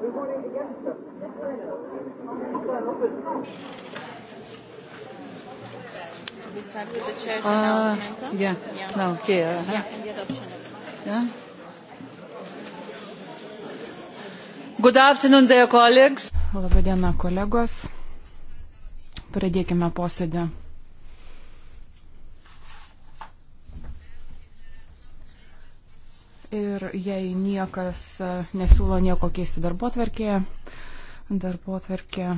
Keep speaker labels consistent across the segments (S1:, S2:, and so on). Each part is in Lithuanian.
S1: We're voting against them. We start with the chair's uh, announcement. Yeah. yeah. No, yeah. Uh-huh. Yeah, and the adoption of it. Yeah.
S2: Good afternoon, dear colleagues. Labadiena, kolegos. Pradėkime posėdį. Ir jei niekas e, nesiūlo nieko keisti darbo tvarkėje, darbo tvarkė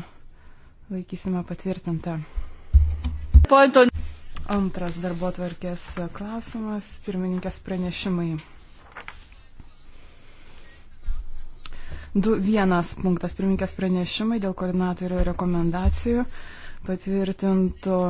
S2: laikysime patvirtintą. Antras darbo tvarkės klausimas - pirmininkės pranešimai. Du, vienas punktas - pirmininkės pranešimai dėl koordinatorių rekomendacijų patvirtintų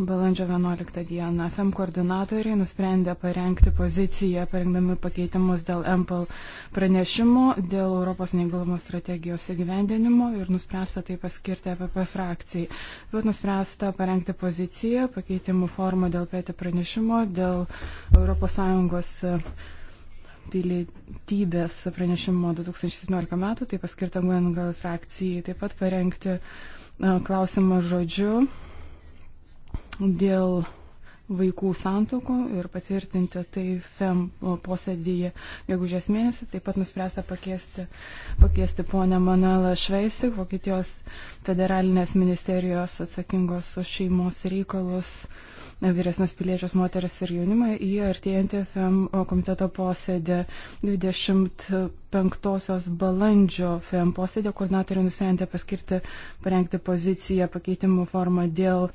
S2: Balandžio 11 dieną FM koordinatoriai nusprendė parengti poziciją, parengdami pakeitimus dėl MPL pranešimo, dėl Europos neįgalumo strategijos įgyvendinimo ir nuspręsta tai paskirti APP e frakcijai. Taip pat nuspręsta parengti poziciją, pakeitimų formą dėl PT pranešimo, dėl ES e, pilietybės pranešimo 2017 metų, tai paskirta Gwen gal frakcijai, taip pat parengti e, klausimą žodžiu dėl vaikų santokų ir patvirtinti tai FEM posėdėje gegužės mėnesį. Taip pat nuspręsta pakviesti, pakviesti ponę Manuelą Šveisik, Vokietijos federalinės ministerijos atsakingos už šeimos reikalus vyresnius piliečius moteris ir jaunimą į artėjantį FEM komiteto posėdį 25 balandžio FEM posėdį. Koordinatoriai nusprendė paskirti, parengti poziciją pakeitimų formą dėl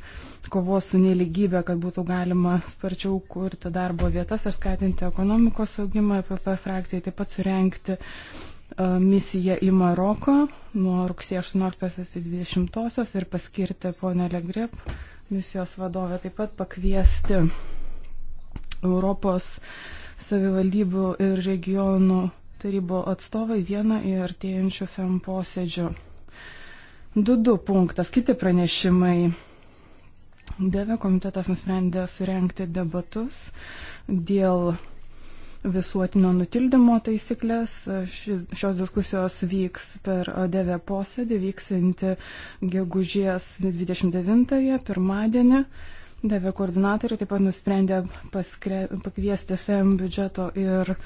S2: kovos su neligybė, kad būtų galima sparčiau kurti darbo vietas ir skatinti ekonomikos augimą, PP e frakcijai taip pat surenkti e, misiją į Maroką nuo rugsėjo 18 iki 20 ir paskirti ponę Legrip misijos vadovę taip pat pakviesti Europos savivaldybių ir regionų tarybo atstovai vieną į artėjančių FEM posėdžių. 2.2 punktas, kiti pranešimai. Deve komitetas nusprendė surenkti debatus dėl visuotinio nutildymo taisyklės. Šis, šios diskusijos vyks per DV posėdį, vyksinti gegužės 29-ąją, pirmadienį. DV koordinatoriai taip pat nusprendė paskre, pakviesti FM biudžeto ir e,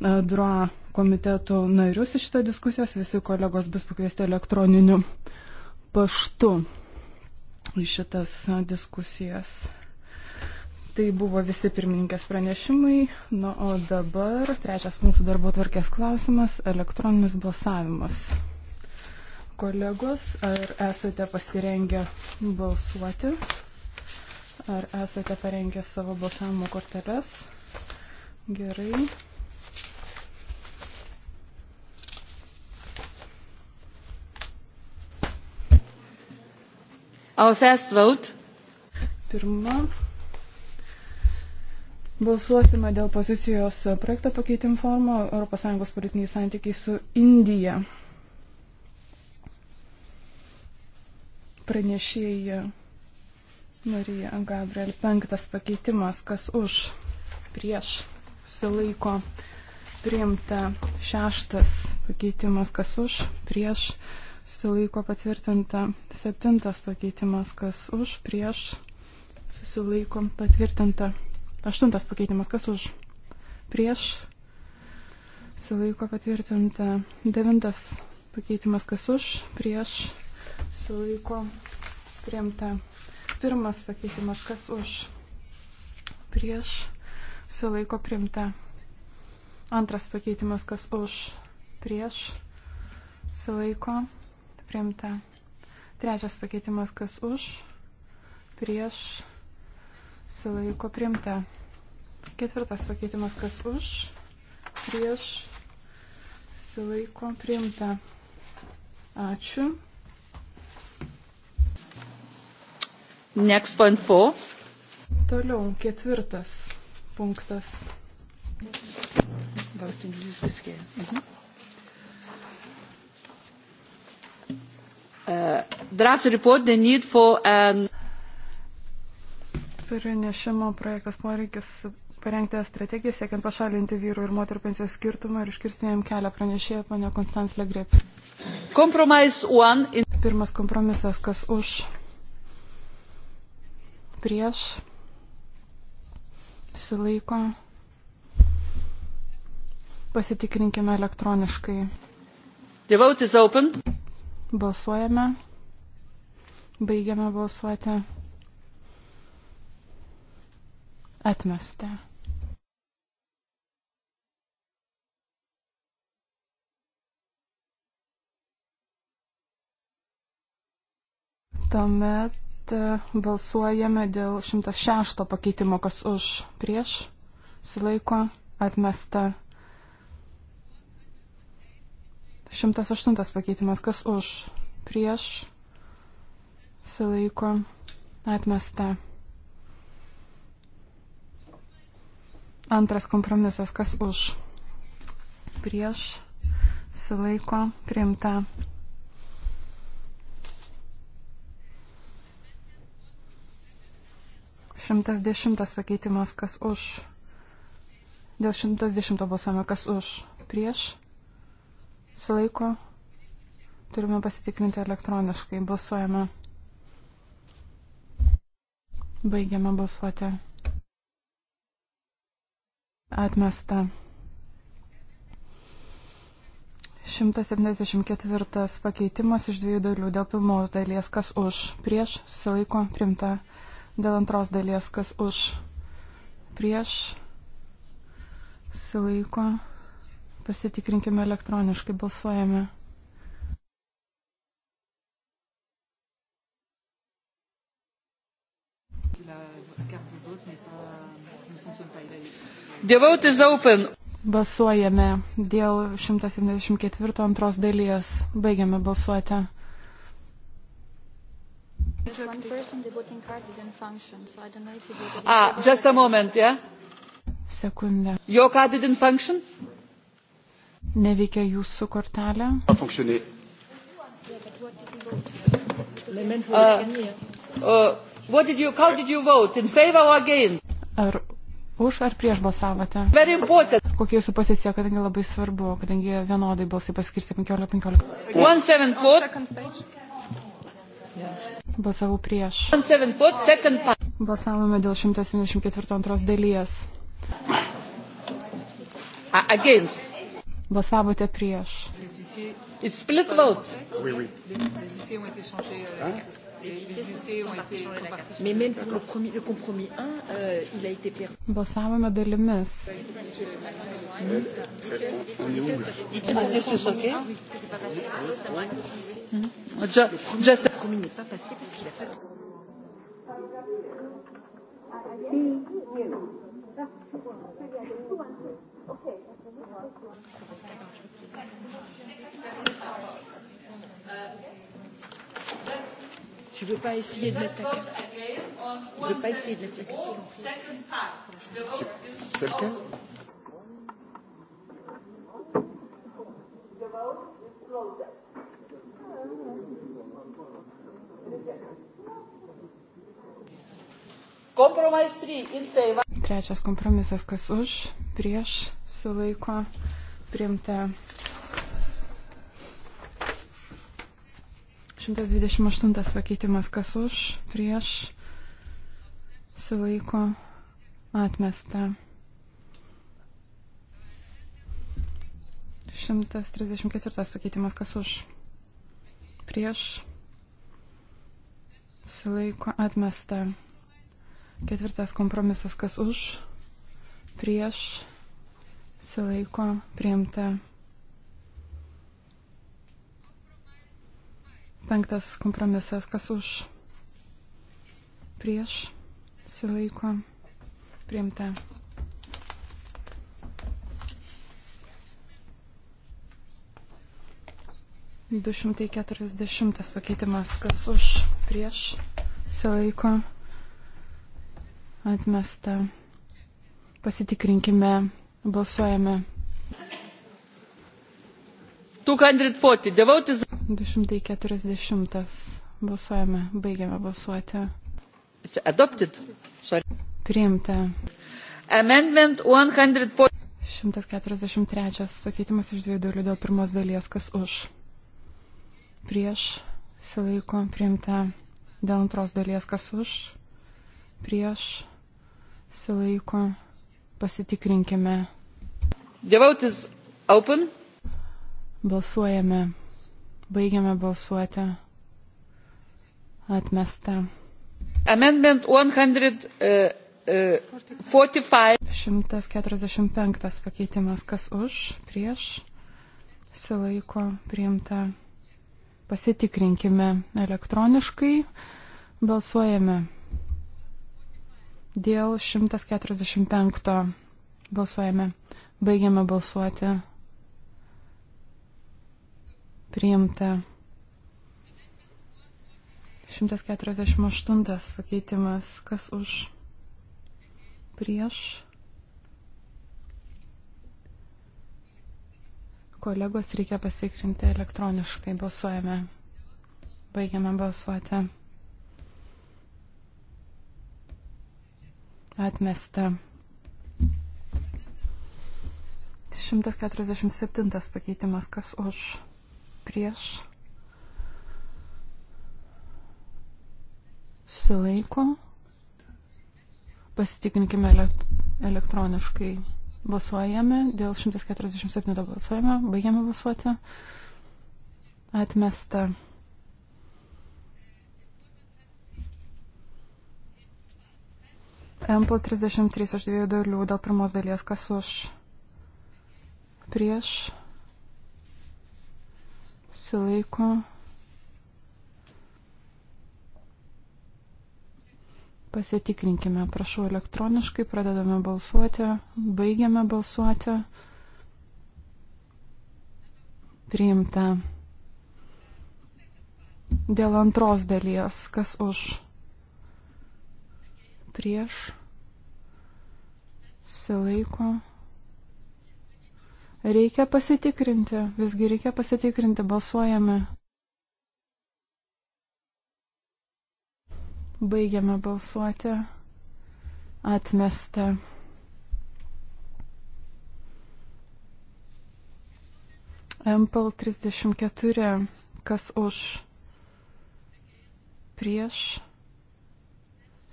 S2: DRA komitetų narius į šitą diskusijos. Visi kolegos bus pakviesti elektroniniu paštu į šitas e, diskusijas. Tai buvo visi pirmininkės pranešimai. Na, o dabar trečias mūsų darbo tvarkės klausimas - elektroninis balsavimas. Kolegos, ar esate pasirengę balsuoti? Ar esate parengę savo balsavimo korteles? Gerai. Our first vote. Pirma Balsuosime dėl pozicijos projekto pakeitim formo ES politiniai santykiai su Indija. Pranešėja Marija Gabriel. Penktas pakeitimas, kas už, prieš, susilaiko, priimta. Šeštas pakeitimas, kas už, prieš, susilaiko, patvirtinta. Septintas pakeitimas, kas už, prieš, susilaiko, patvirtinta. Aštuntas pakeitimas, kas už? Prieš. Silaiko patvirtinta. Devintas pakeitimas, kas už? Prieš. Silaiko priimta. Pirmas pakeitimas, kas už? Prieš. Silaiko priimta. Antras pakeitimas, kas už? Prieš. Silaiko priimta. Trečias pakeitimas, kas už? Prieš. Silaiko priimta. Ketvirtas pakeitimas, kas už, prieš, silaiko priimta. Ačiū. Next point four. Toliau, ketvirtas punktas. Voting list this year. Mhm. Uh, draft report the need for an um... pranešimo projektas poreikis parengti strategiją siekiant pašalinti vyrų ir moterų pensijos skirtumą ir užkirsti jam kelią pranešėja ponia Konstans Legrep. In... Pirmas kompromisas, kas už, prieš, silaiko. Pasitikrinkime elektroniškai.
S1: The vote is open.
S2: Balsuojame. Baigiame balsuoti atmesta. Tuomet e, balsuojame dėl 106 pakeitimo, kas už prieš sulaiko atmesta. 108 pakeitimas, kas už prieš sulaiko atmesta. Antras kompromisas, kas už prieš sulaiko priimta. 110 pakeitimas, kas už. Dėl 110 balsuojame, kas už. Prieš. Silaiko. Turime pasitikrinti elektroniškai. Balsuojame. Baigiame balsuoti. Atmesta. 174 pakeitimas iš dviejų dalių dėl pilnos dalies, kas už, prieš, susilaiko, primta Dėl antros dalies, kas už prieš silaiko, pasitikrinkime elektroniškai, balsuojame. The vote is open. Balsuojame dėl 174 antros dalies. Baigiame balsuoti. Ah, just a moment, yeah? Sekundę. Jo ką didn't function? Neveikia jūsų kortelė. Uh, uh, did you, how did you vote? In favor or against? Ar už ar prieš balsavote? Very important. Kokia jūsų pozicija, kadangi labai svarbu, kadangi vienodai balsai paskirsti 15-15. One seventh vote. Balsavau prieš. Balsavome dėl 174 antros dalies.
S1: Against.
S2: Balsavote prieš.
S1: It's split vote. Oui, oui. Hein? Mais même pour le, premier, le compromis 1, euh, il a été perdu.
S2: Balsavome dalimis.
S1: On est où là Mm-hmm. Just... Le premier n'est pas passé parce qu'il a fait. Euh,
S3: tu veux pas essayer de mettre ta
S1: carte Tu veux pas essayer de mettre ta carte C'est lequel The vote is closed.
S2: Trečias kompromisas, kas už, prieš, sulaiko, priimta. 128 pakeitimas, kas už, prieš, sulaiko, atmesta. 134 pakeitimas, kas už, prieš sulaiko atmesta. Ketvirtas kompromisas, kas už, prieš sulaiko priimta. Penktas kompromisas, kas už, prieš sulaiko priimta. 240 pakeitimas, kas už, prieš, silaiko, atmesta. Pasitikrinkime, balsuojame. 240. 240. Balsuojame, baigiame balsuoti. Adopted. Sorry. Priimta. Amendment 143. 143 pakeitimas iš dviejų dalių dėl pirmos dalies, kas už prieš silaiko priimta dėl antros dalies, kas už, prieš silaiko pasitikrinkime. Devautis open. Balsuojame. Baigiame balsuoti. Atmesta. Amendment 100. Uh, 45. Uh, 145 pakeitimas, kas už, prieš, silaiko, priimta Pasitikrinkime elektroniškai. Balsuojame dėl 145. Balsuojame. Baigiame balsuoti. Priimta. 148 pakeitimas. Kas už? Prieš Kolegos reikia pasikrinti elektroniškai. Balsuojame. Baigiame balsuoti. Atmesta. 147 pakeitimas. Kas už? Prieš. Susilaiko. Pasitikrinkime elektroniškai. Balsuojame dėl 147 balsuojame, baigiame balsuoti. Atmesta. MPL 33 iš dviejų dalių dėl pirmos dalies, kas už prieš silaiko Pasitikrinkime, prašau, elektroniškai pradedame balsuoti, baigiame balsuoti. Priimta. Dėl antros dalies, kas už prieš silaiko. Reikia pasitikrinti, visgi reikia pasitikrinti, balsuojame. Baigiame balsuoti. Atmesta. MPL 34, kas už prieš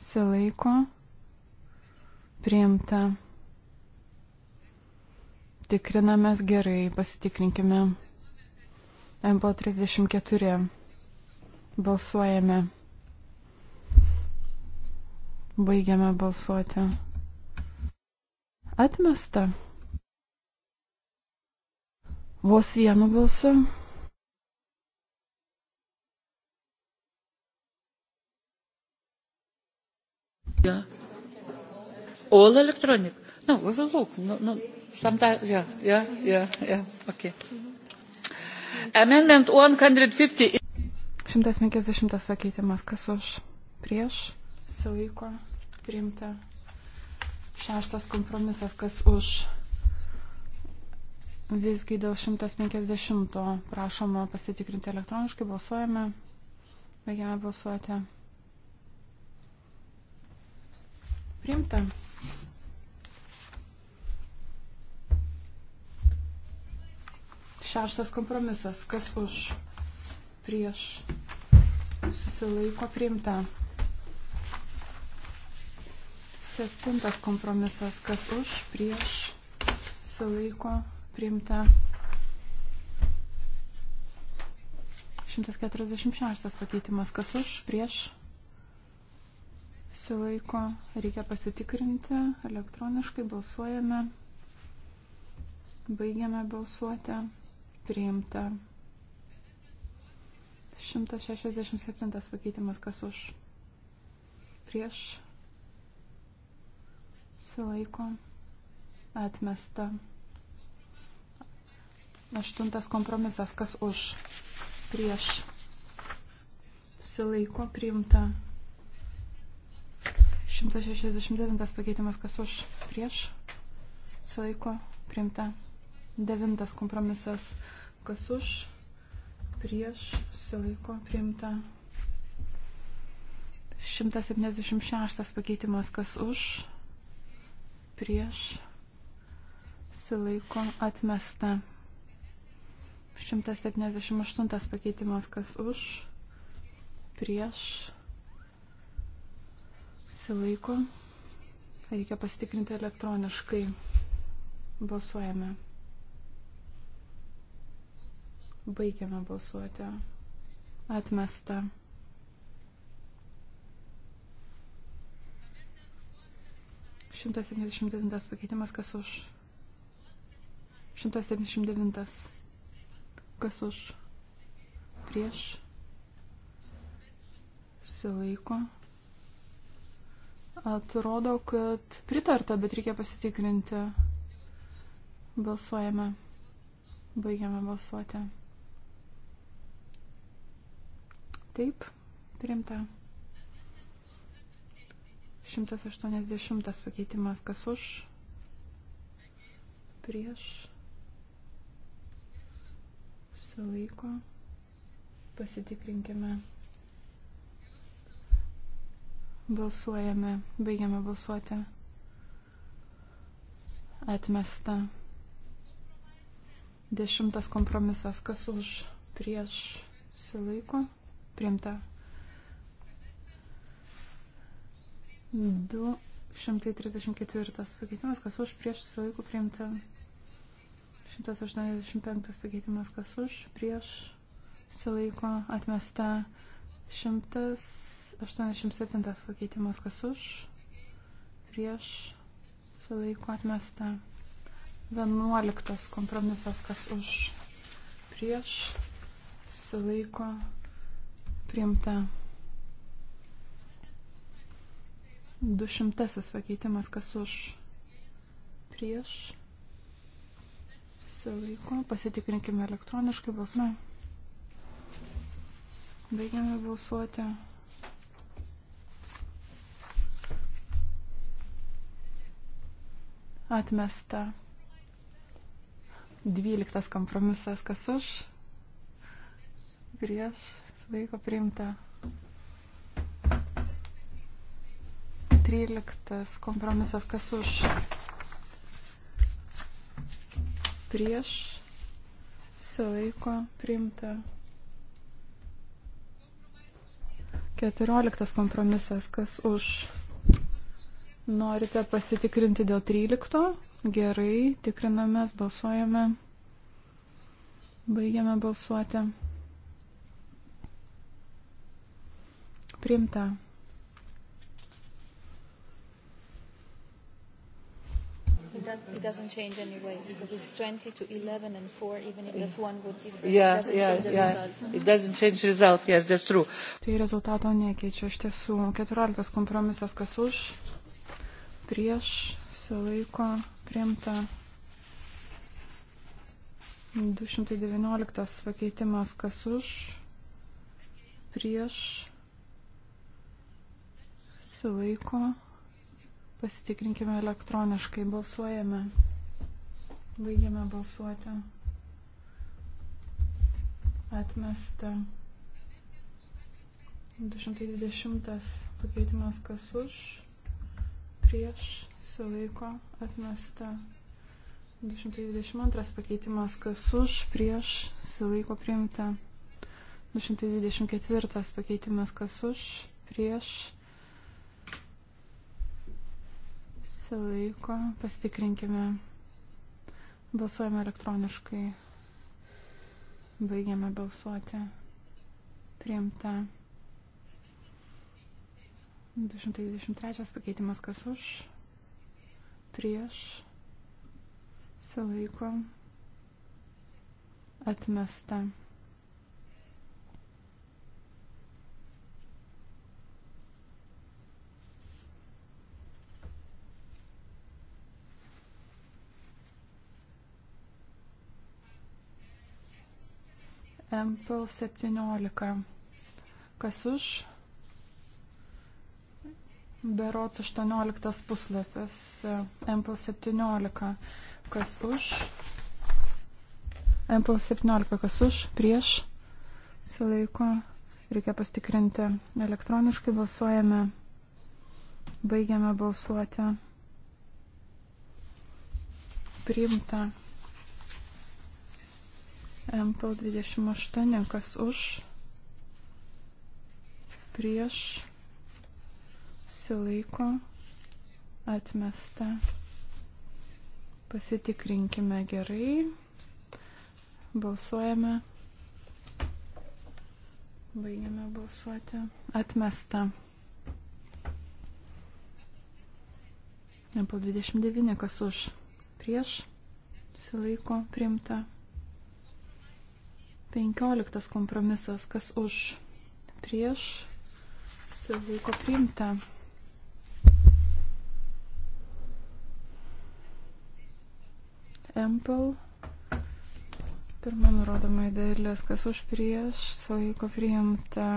S2: silaiko priimta. Tikrinamės gerai, pasitikrinkime. MPL 34. Balsuojame. Baigiame balsuoti. Atmesta. Vos vienu balsu. Yeah. All electronic. No, we will look. No, no. Sometimes, yeah, yeah, yeah, yeah. Okay. Amendment 150. 150 pakeitimas, kas už prieš susilaiko priimta. Šeštas kompromisas, kas už. Visgi dėl 150 prašoma pasitikrinti elektroniškai, balsuojame, baigiame balsuoti. Priimta. Šeštas kompromisas. Kas už prieš susilaiko priimta. Septintas kompromisas, kas už, prieš, sulaiko, priimta. 146 pakeitimas, kas už, prieš, sulaiko, reikia pasitikrinti, elektroniškai balsuojame, baigiame balsuoti, priimta. 167 pakeitimas, kas už, prieš, susilaiko atmesta. Aštuntas kompromisas, kas už prieš susilaiko priimta. 169 pakeitimas, kas už prieš susilaiko priimta. Devintas kompromisas, kas už prieš susilaiko priimta. 176 pakeitimas, kas už prieš silaiko atmesta. 178 pakeitimas kas už, prieš silaiko. Reikia pasitikrinti elektroniškai. Balsuojame. Baigiame balsuoti. Atmesta. 179 pakeitimas, kas už. 179. Kas už. Prieš. Silaiko. Atrodo, kad pritarta, bet reikia pasitikrinti. Balsuojame. Baigiame balsuoti. Taip, primta. 180 pakeitimas, kas už, prieš, susilaiko, pasitikrinkime, balsuojame, baigiame balsuoti, atmesta. Dešimtas kompromisas, kas už, prieš, susilaiko, priimta. 234 pakeitimas, kas už, prieš susilaiko priimta. 185 pakeitimas, kas už, prieš susilaiko atmesta. 187 pakeitimas, kas už, prieš susilaiko atmesta. 11 kompromisas, kas už, prieš susilaiko priimta. Dušimtasis pakeitimas, kas už prieš susilaiko. Pasitikrinkime elektroniškai balsuojame. Baigiame balsuoti. Atmesta. Dvyliktas kompromisas, kas už, prieš, laiko priimta. 13 kompromisas, kas už prieš susilaiko priimta. 14 kompromisas, kas už norite pasitikrinti dėl 13. Gerai, tikrinamės, balsuojame, baigiame balsuoti. Priimta.
S1: does, it doesn't change anyway because it's 20 to 11 and 4, even if there's one good difference. Yeah, it doesn't yeah, change the yeah. result. It doesn't change result, yes, that's true.
S2: Tai rezultato nekeičia, iš tiesų. 14 kompromisas, kas už, prieš, sulaiko, priimta. 219 pakeitimas, kas už, prieš, sulaiko, priimta Pasitikrinkime elektroniškai. Balsuojame. Baigiame balsuoti. Atmesta. 220 pakeitimas kas už, prieš, sulaiko, atmesta. 222 pakeitimas kas už, prieš, sulaiko priimta. 224 pakeitimas kas už, prieš, susilaiko, pasitikrinkime. Balsuojame elektroniškai. Baigiame balsuoti. Priimta. 223 pakeitimas kas už. Prieš. Silaiko. Atmesta. MPL 17. Kas už? Berots 18 puslapis. MPL 17. Kas už? MPL 17. Kas už? Prieš? Silaiko. Reikia pastikrinti. Elektroniškai balsuojame. Baigiame balsuoti. Priimta. MPL 28, kas už, prieš, susilaiko, atmesta. Pasitikrinkime gerai. Balsuojame. Baigiame balsuoti. Atmesta. Po 29, kas už prieš, silaiko, primta. Penkioliktas kompromisas, kas už prieš suvaiko priimta. Empel. Pirma nurodoma į dalis, kas už prieš suvaiko priimta.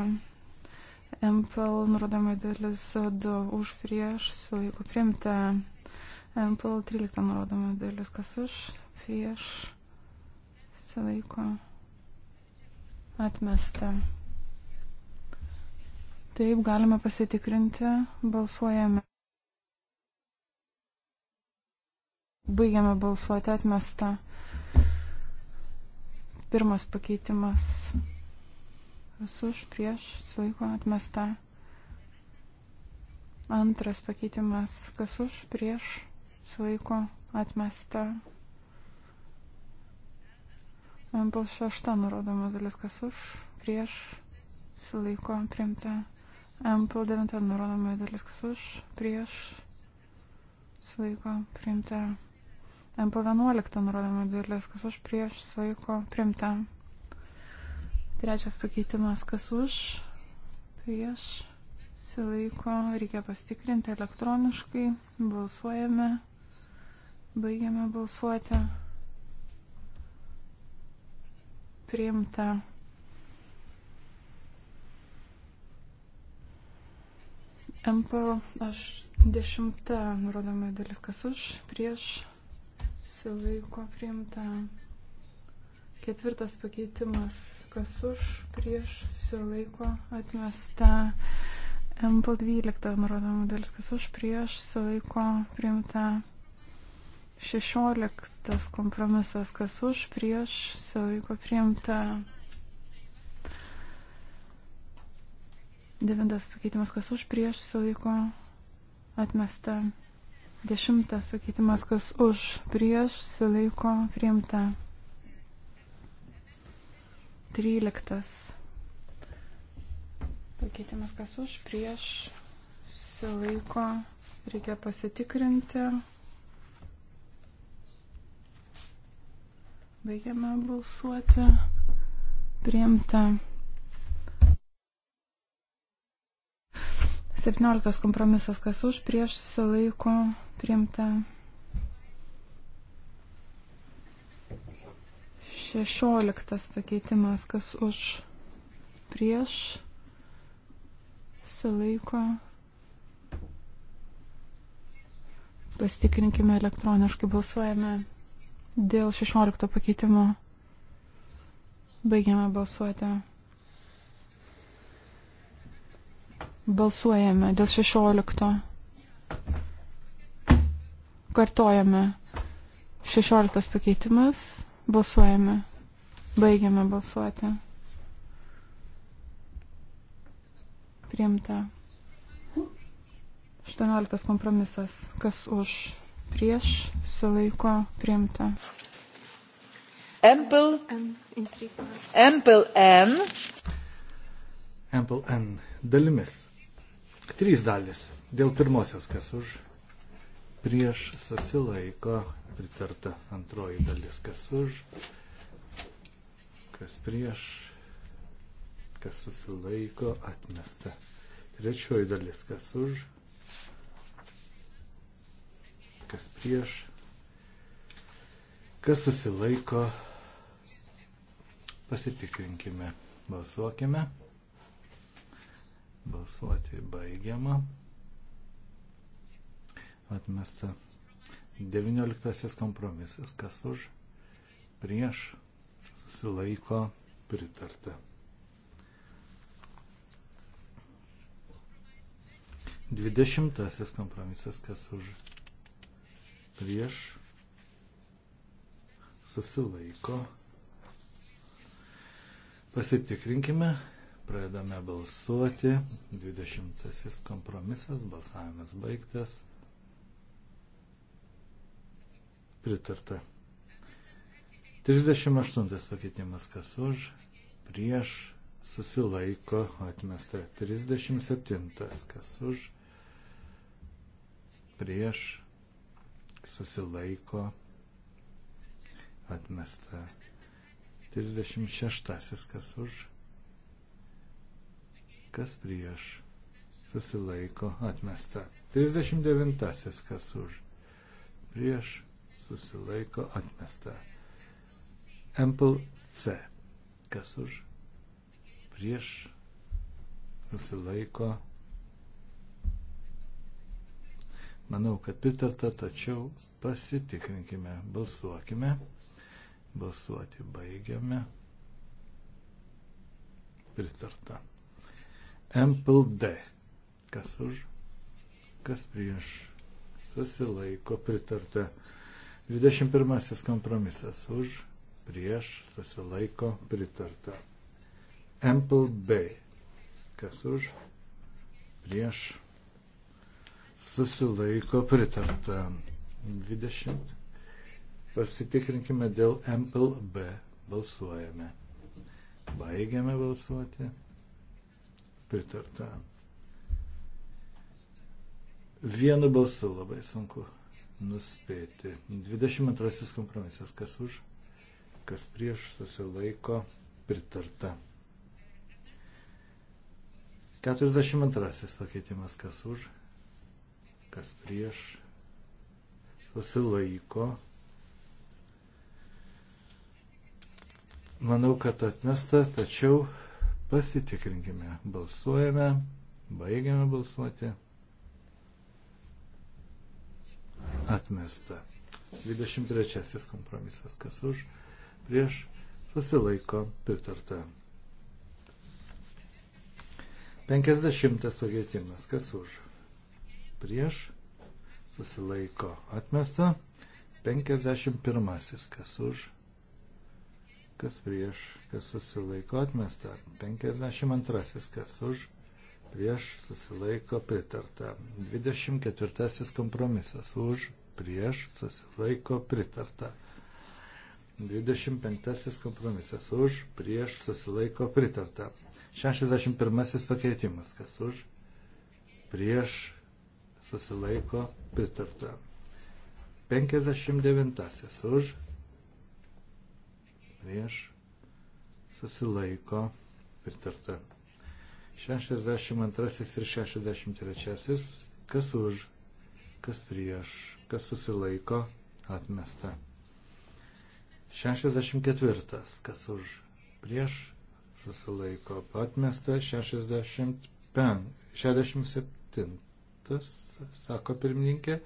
S2: Empel nurodoma į dalis 2 už prieš suvaiko priimta. Empel 13 nurodoma į dalis, kas už prieš suvaiko priimta Atmesta. Taip, galime pasitikrinti. Balsuojame. Baigiame balsuoti atmestą. Pirmas pakeitimas. Esu už prieš, sulaiko atmestą. Antras pakeitimas. Kas už prieš, sulaiko atmestą. Buvo šešta nurodoma dalis, kas už, prieš, silaiko priimta. MPL 9 nurodoma dalis, kas už, prieš, silaiko priimta. MPL 11 nurodoma dalis, kas už, prieš, silaiko priimta. Trečias pakeitimas, kas už, prieš, silaiko, reikia pastikrinti elektroniškai, balsuojame, baigiame balsuoti. priimta. MPL 10, nurodoma dalis, kas už, prieš, suvaiko priimta. Ketvirtas pakeitimas, kas už, prieš, susilaiko, atmesta. MPL 12, nurodoma dalis, kas už, prieš, suvaiko priimta. Šešioliktas kompromisas, kas už, prieš, suvaiko priimta. Devintas pakeitimas, kas už, prieš, suvaiko atmesta. Dešimtas pakeitimas, kas už, prieš, sulaiko priimta. Tryliktas pakeitimas, kas už, prieš, sulaiko, reikia pasitikrinti. Baigiame balsuoti. Priimta. 17 kompromisas, kas už, prieš susilaiko, priimta. 16 pakeitimas, kas už, prieš susilaiko. Pasitikrinkime elektroniškai, balsuojame. Dėl 16 pakeitimo baigiame balsuoti. Balsuojame dėl 16. Kartojame 16 pakeitimas. Balsuojame. Baigiame balsuoti. Priimta. 18 kompromisas. Kas už? prieš sulaiko priimta.
S1: Empel N.
S4: Empel N. Dalimis. Trys dalis. Dėl pirmosios, kas už prieš susilaiko pritarta antroji dalis, kas už, kas prieš, kas susilaiko atmesta. Trečioji dalis, kas už, kas prieš, kas susilaiko, pasitikrinkime, balsuokime. Balsuoti baigiama. Atmesta. 19 kompromisas, kas už, prieš, susilaiko, pritarta. 20 kompromisas, kas už, prieš susilaiko. Pasitikrinkime, pradedame balsuoti. 20 kompromisas, balsavimas baigtas. Pritarta. 38 pakeitimas kas už, prieš, susilaiko, atmesta. 37 kas už, prieš, susilaiko atmesta. 36 kas už, kas prieš, susilaiko atmesta. 39 kas už, prieš, susilaiko atmesta. Ample C kas už, prieš, susilaiko atmesta Manau, kad pritarta, tačiau pasitikrinkime, balsuokime. Balsuoti baigiame. Pritarta. MPLD. Kas už, kas prieš. Susilaiko pritarta. 21 kompromisas už, prieš, susilaiko pritarta. MPLB. Kas už, prieš, susilaiko pritarta. 20. Pasitikrinkime dėl MLB. Balsuojame. Baigiame balsuoti. Pritarta. Vienu balsu labai sunku nuspėti. 22 kompromisas. Kas už, kas prieš susilaiko pritarta. 42 pakeitimas. Kas už, kas prieš, susilaiko. Manau, kad atmesta, tačiau pasitikrinkime. Balsuojame, baigiame balsuoti. Atmesta. 23 kompromisas, kas už, prieš, susilaiko, pritarta. 50 pakeitimas, kas už, prieš, susilaiko atmesta. 51. Kas už, kas prieš, kas susilaiko atmesta. 52. Kas už, prieš, susilaiko pritarta. 24. Kompromisas už, prieš, susilaiko pritarta. 25. Kompromisas už, prieš, susilaiko pritarta. 61. Pakeitimas. Kas už, prieš, susilaiko pritarta. 59 už, prieš, susilaiko pritarta. 62 ir 63, kas už, kas prieš, kas susilaiko atmesta. 64, kas už, prieš, susilaiko atmesta. 65, 67 sako pirmininkė.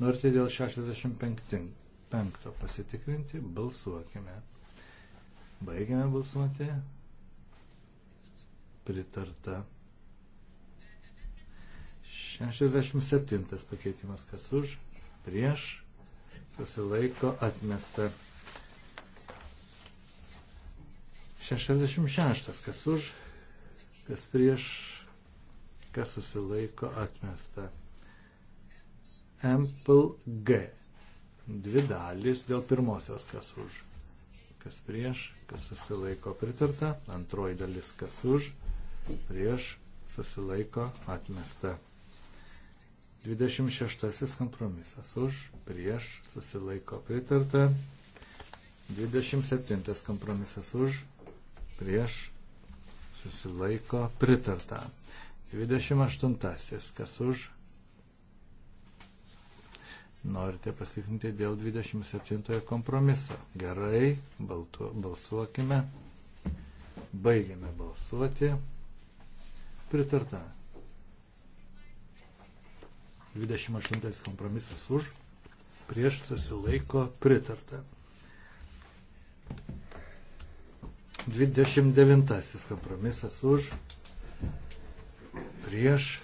S4: Norite dėl 65 pasitikrinti, balsuokime. Baigiame balsuoti. Pritarta. 67 pakeitimas kas už, prieš, susilaiko atmesta. 66 kas už, kas prieš, kas susilaiko atmesta. Ample G. Dvi dalys dėl pirmosios, kas už, kas prieš, kas susilaiko pritarta, antroji dalis, kas už, prieš, susilaiko atmesta. 26 kompromisas už, prieš, susilaiko pritarta. 27 kompromisas už, prieš, susilaiko pritarta. 28. Kas už? Norite pasitikrinti dėl 27 kompromiso. Gerai, baltu, balsuokime. Baigiame balsuoti. Pritarta. 28 kompromisas už. Prieš susilaiko pritarta. 29 kompromisas už prieš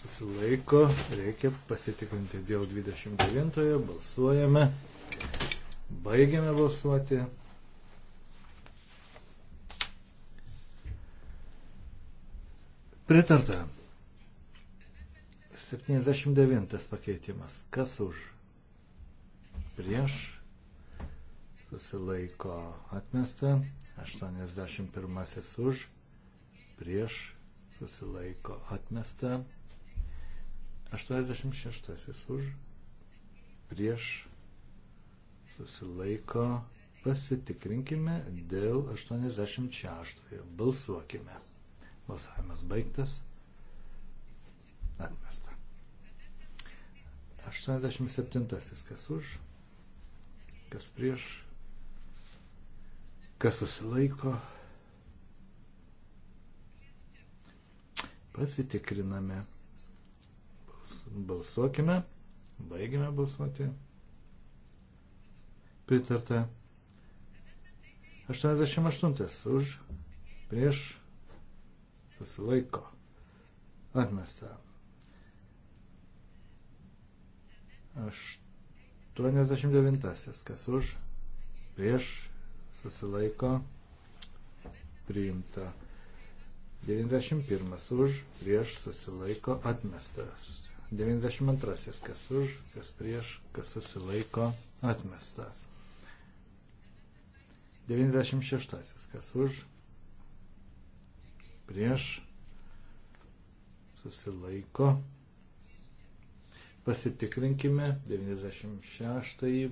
S4: susilaiko, reikia pasitikrinti dėl 29-ojo, balsuojame, baigiame balsuoti. Pritarta. 79 pakeitimas. Kas už? Prieš. Susilaiko atmesta. 81 už. Prieš susilaiko atmesta. 86 už, prieš susilaiko pasitikrinkime dėl 86. Balsuokime. Balsavimas baigtas. Atmesta. 87. Kas už, kas prieš, kas susilaiko Pasitikriname. Balsuokime. Baigime balsuoti. Pritarta. 88 už, prieš, susilaiko, atmesta. 89 kas už, prieš, susilaiko, priimta. 91 už, prieš susilaiko atmestas. 92 kas už, kas prieš, kas susilaiko atmesta. 96 kas už, prieš susilaiko. Pasitikrinkime, 96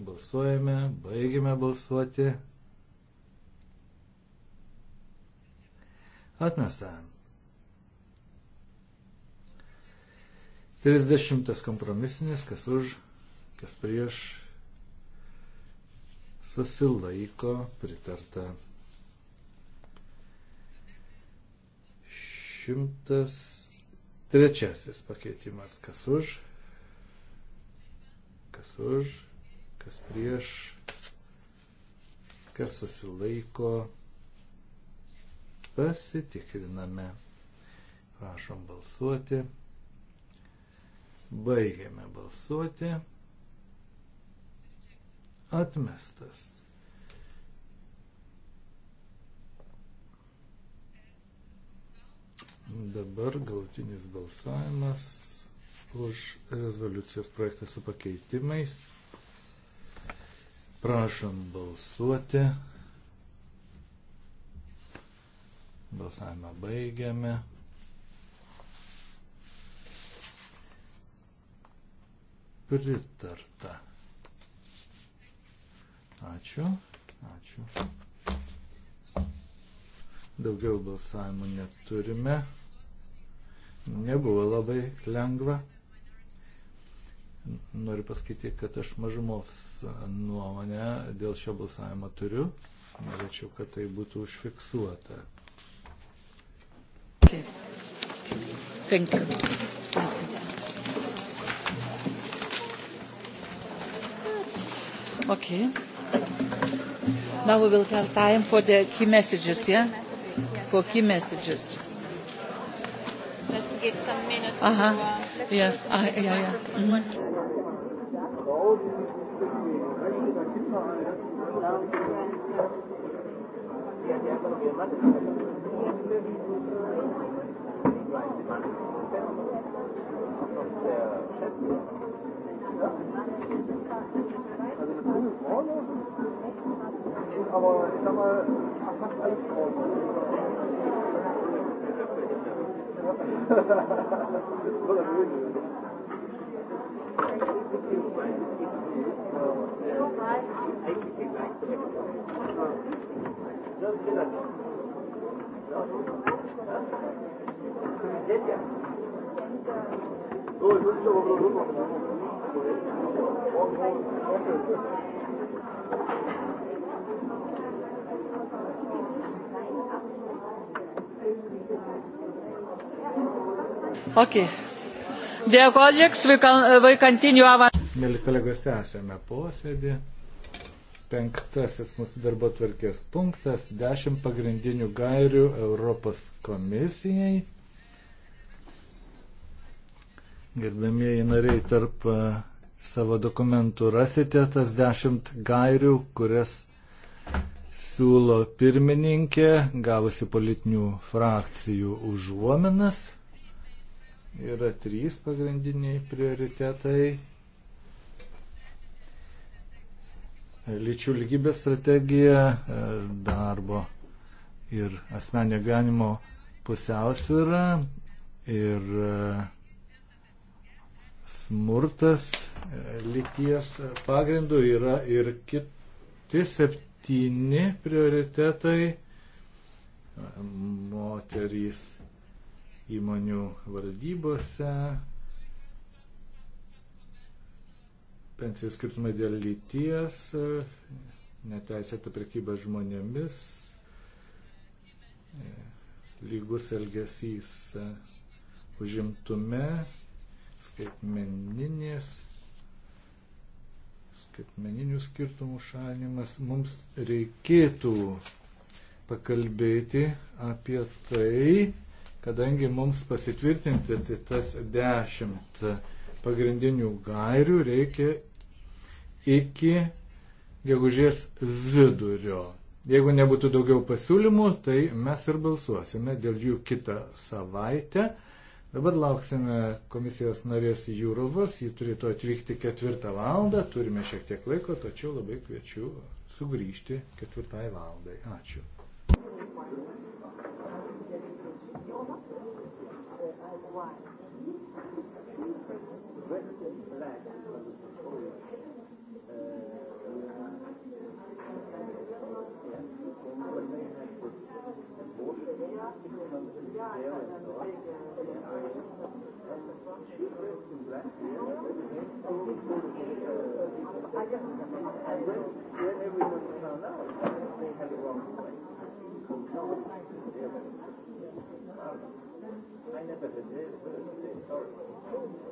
S4: balsuojame, baigime balsuoti. Atmesta. 30 kompromisinis, kas už, kas prieš, susilaiko pritarta. 103 pakeitimas, kas už, kas už, kas prieš, kas susilaiko pritarta Pasitikriname. Prašom balsuoti. Baigiame balsuoti. Atmestas. Dabar gautinis balsavimas už rezoliucijos projektą su pakeitimais. Prašom balsuoti. Balsavimą baigiame. Pritarta. Ačiū. Ačiū. Daugiau balsavimų neturime. Nebuvo labai lengva. Noriu pasakyti, kad aš mažumos nuomonę dėl šio balsavimo turiu. Norėčiau, kad tai būtų užfiksuota.
S3: Okay. Thank you.
S1: Thank you. Okay. Now we will have time for the key messages, yeah? For key messages. Let's give some minutes uh -huh. to... Uh, uh-huh. let's yes, uh, yeah, yeah. Mm -hmm. Thank you. Also das grüne Vorlaufen ist aber, ich sag mal, fast alles Frauen. das ist voll der Höhe. Eigentlich gleich. Okay.
S2: Dėkoju, vaikantinių avantų.
S4: Mėly kolegos, tęsėme posėdį penktasis mūsų darbo tvarkės punktas - dešimt pagrindinių gairių Europos komisijai. Gerbėmieji nariai, tarp e, savo dokumentų rasite tas dešimt gairių, kurias siūlo pirmininkė, gavusi politinių frakcijų užuominas. Yra trys pagrindiniai prioritetai lyčių lygybės strategija, e, darbo ir asmenio gyvenimo pusiausvyrą ir e, smurtas e, lyties pagrindų yra ir kiti septyni prioritetai moterys įmonių valdybose, pensijų skirtumai dėl lyties, e, neteisėta prekyba žmonėmis, e, lygus elgesys e, užimtume, skaitmeninės, skaitmeninių skirtumų šalinimas. Mums reikėtų pakalbėti apie tai, kadangi mums pasitvirtinti tai tas dešimt pagrindinių gairių reikia iki gegužės vidurio. Jeigu nebūtų daugiau pasiūlymų, tai mes ir balsuosime dėl jų kitą savaitę. Dabar lauksime komisijos narės Jūrovas, ji turėtų atvykti ketvirtą valandą, turime šiek tiek laiko, tačiau labai kviečiu sugrįžti ketvirtai valandai. Ačiū.
S1: Why? I guess I read, read everyone found out that they had the wrong point. No one thinks it's different. I never did, but it's sorry.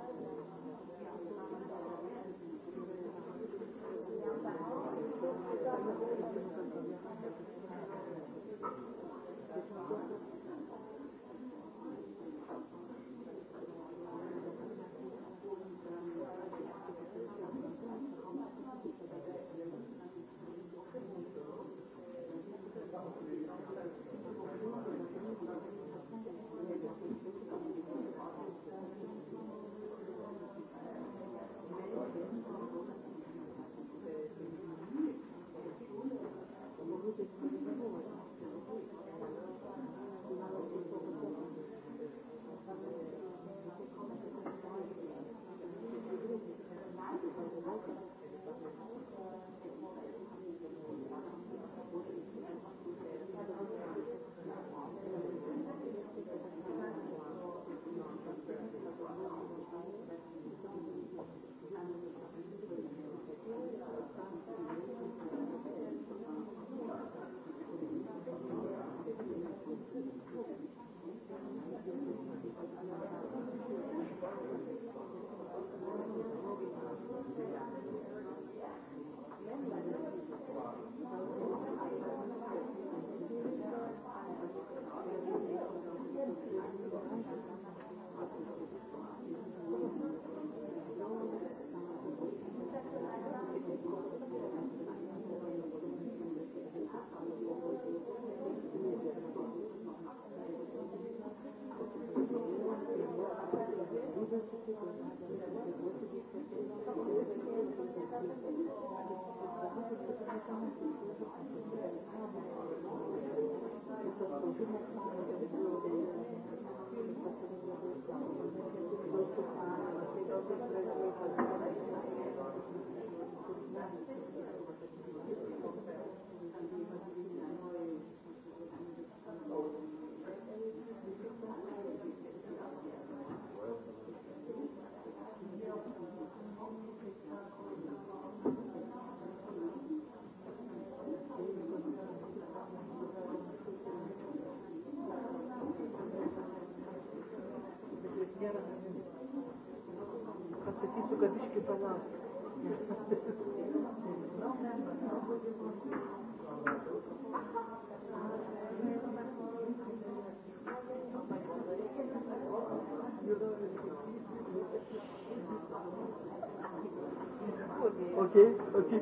S1: pasakysiu, kad iški palauk. Okay, okay.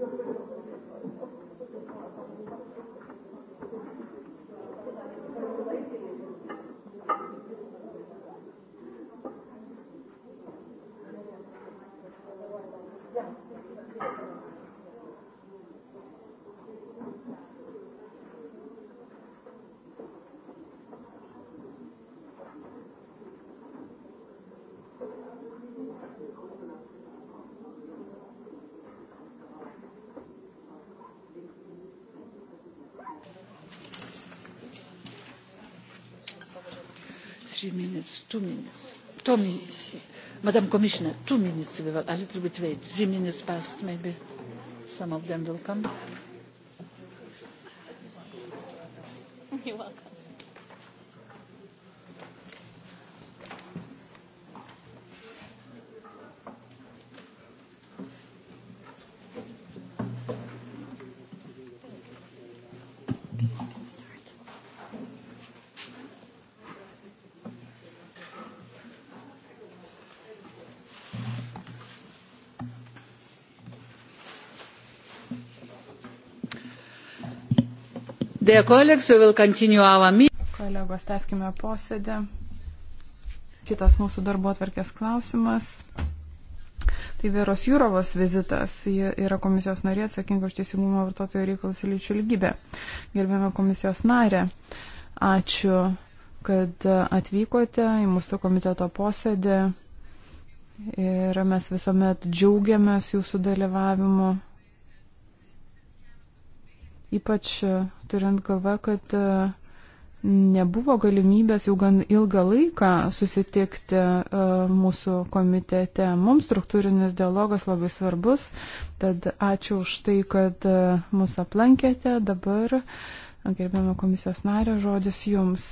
S1: Yeah. minutes, two minutes, two minutes. Madam Commissioner, two minutes, we were a little bit late, three minutes past maybe. Some of them will come.
S3: You're welcome.
S2: Dear colleagues, we will continue our meeting. Kolegos, teskime posėdį. Kitas mūsų darbo atverkės klausimas. Tai Vėros Jūrovos vizitas. Ji yra komisijos narė atsakinga už teisingumo vartotojų reikalus ir lyčių lygybę. Gerbėme komisijos narę. Ačiū, kad atvykote į mūsų komiteto posėdį. Ir mes visuomet džiaugiamės jūsų dalyvavimu Ypač e, turint galvą, kad e, nebuvo galimybės jau gan ilgą laiką susitikti e, mūsų komitete. Mums struktūrinis dialogas labai svarbus, tad ačiū už tai, kad mūsų aplankėte. Dabar, gerbiamą komisijos narę, žodis jums.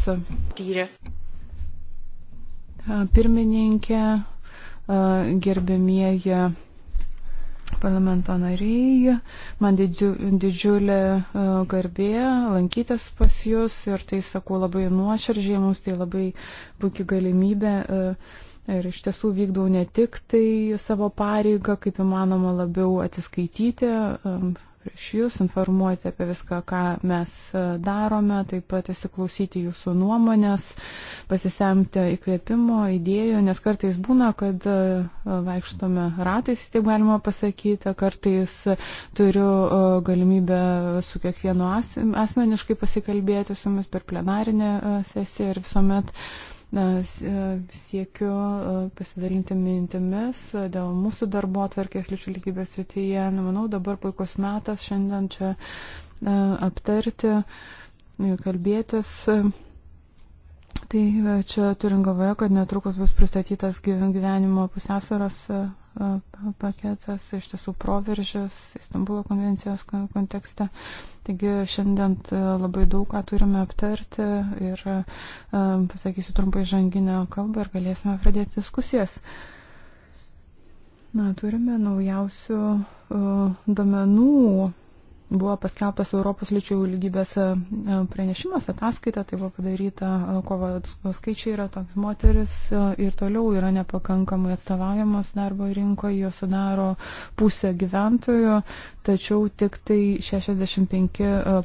S2: Tyrė. Pirmininkė, gerbėmieji parlamento nariai. Man didžiu, didžiulė e, garbė lankytis pas jūs ir tai sakau labai nuoširdžiai, mums tai labai puikia galimybė. E, ir iš tiesų vykdau ne tik tai savo pareigą, kaip įmanoma labiau atsiskaityti e, prieš jūs, informuoti apie viską, ką mes e, darome, taip pat įsiklausyti jūsų nuomonės, pasisemti įkvėpimo, idėjų, nes kartais būna, kad e, vaikštome ratais, taip galima pasakyti, kartais turiu e, galimybę su kiekvienu asmeniškai pasikalbėti su jumis per plenarinę sesiją ir visuomet. Uh, E, siekiu e, pasidalinti mintimis e, dėl mūsų darbo atvarkės lyčių lygybės rytyje. Manau, dabar puikus metas šiandien čia aptarti, kalbėtis Tai čia turim galvoje, kad netrukus bus pristatytas gyvenimo pusiasaros e, e, paketas, iš tiesų proveržis Istanbulo konvencijos kontekste. Taigi šiandien e, labai daug ką turime aptarti ir pasakysiu trumpai žanginę kalbą ir galėsime pradėti diskusijas. Na, turime naujausių duomenų buvo paskelbtas Europos lyčių lygybės e, e, pranešimas, ataskaita, tai buvo padaryta, e, kovo skaičiai yra toks, moteris ir toliau yra nepakankamai atstovaujamos darbo rinkoje, jos sudaro pusę gyventojų, tačiau tik tai 65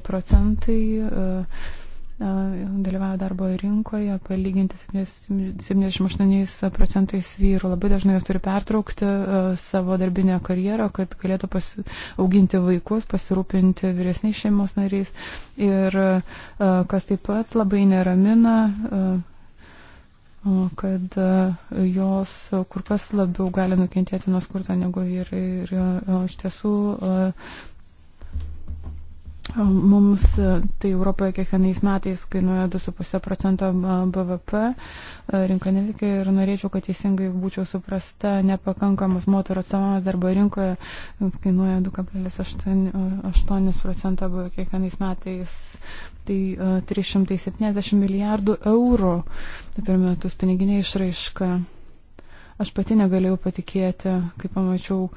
S2: procentai dalyvauja darbo rinkoje, palyginti 78 procentais vyrų. Labai dažnai jos turi pertraukti savo darbinę karjerą, kad galėtų auginti vaikus, pasirūpinti vyresniais šeimos nariais. Ir kas taip pat labai neramina, kad jos kur kas labiau gali nukentėti nuo skurto negu vyrai. Ir iš tiesų Mums e, tai Europoje kiekvienais metais kainuoja 2,5 procento e, BVP, e, rinka nevykia ir norėčiau, kad teisingai būčiau suprasta, nepakankamas moterų atstovavimas darbo rinkoje kainuoja 2,8 procento BVP kiekvienais metais. Tai 370 milijardų eurų tai per metus piniginė išraiška. Aš pati negalėjau patikėti, kai pamačiau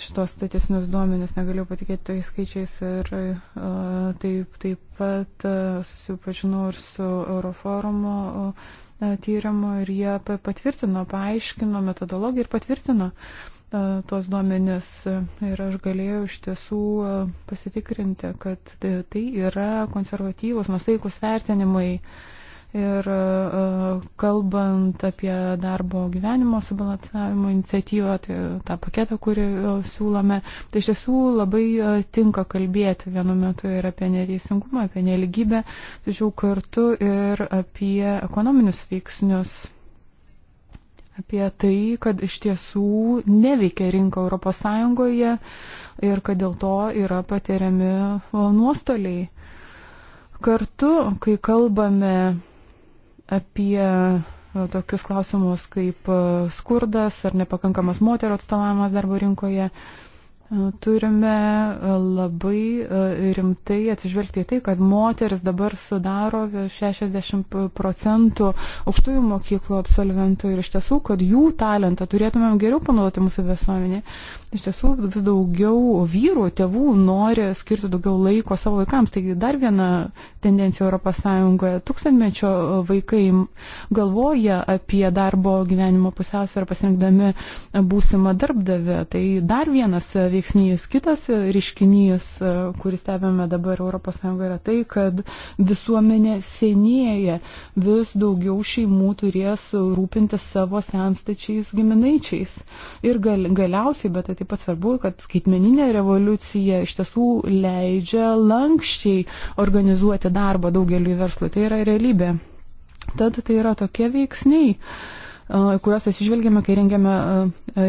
S2: šitos statistinius duomenis, negaliu patikėti tais skaičiais ir taip, taip pat susipažinau ir su Euroforumo tyrimu ir jie patvirtino, paaiškino metodologiją ir patvirtino tuos duomenis ir aš galėjau iš tiesų pasitikrinti, kad e, tai yra konservatyvus, nusaikus vertinimai uh, Ir e, kalbant apie darbo gyvenimo subalansavimo iniciatyvą, tai e, tą paketą, kurį e, siūlome, tai iš tiesų labai tinka kalbėti vienu metu ir apie neteisingumą, apie neligybę, tačiau kartu ir apie ekonominius veiksnius. Apie tai, kad iš tiesų neveikia rinka ES ir kad dėl to yra patiriami nuostoliai. Kartu, kai kalbame apie e, tokius klausimus kaip e, skurdas ar nepakankamas moterų atstovavimas darbo rinkoje. Uh, Turime e, labai e, rimtai atsižvelgti į tai, kad moteris dabar sudaro 60 procentų aukštųjų mokyklų absolventų ir iš tiesų, kad jų talentą turėtumėm geriau panaudoti mūsų visuomenė. Iš tiesų, vis daugiau vyrų, tėvų nori skirti daugiau laiko savo vaikams. Taigi dar viena tendencija Europos Sąjungoje. Tūkstantmečio e, vaikai galvoja apie darbo gyvenimo pusiausvyrą pasirinkdami būsimą darbdavę. Tai dar vienas veiksmas veiksnys. Kitas reiškinys, kuris stebėme dabar ES, yra tai, kad visuomenė senėja, vis daugiau šeimų turės rūpintis savo senstačiais giminaičiais. Ir gal, galiausiai, bet tai taip pat svarbu, kad skaitmeninė revoliucija iš tiesų leidžia lankščiai organizuoti darbą daugeliu verslų. Tai yra realybė. Tad tai yra tokie veiksniai kuriuos atsižvelgėme, kai rengėme,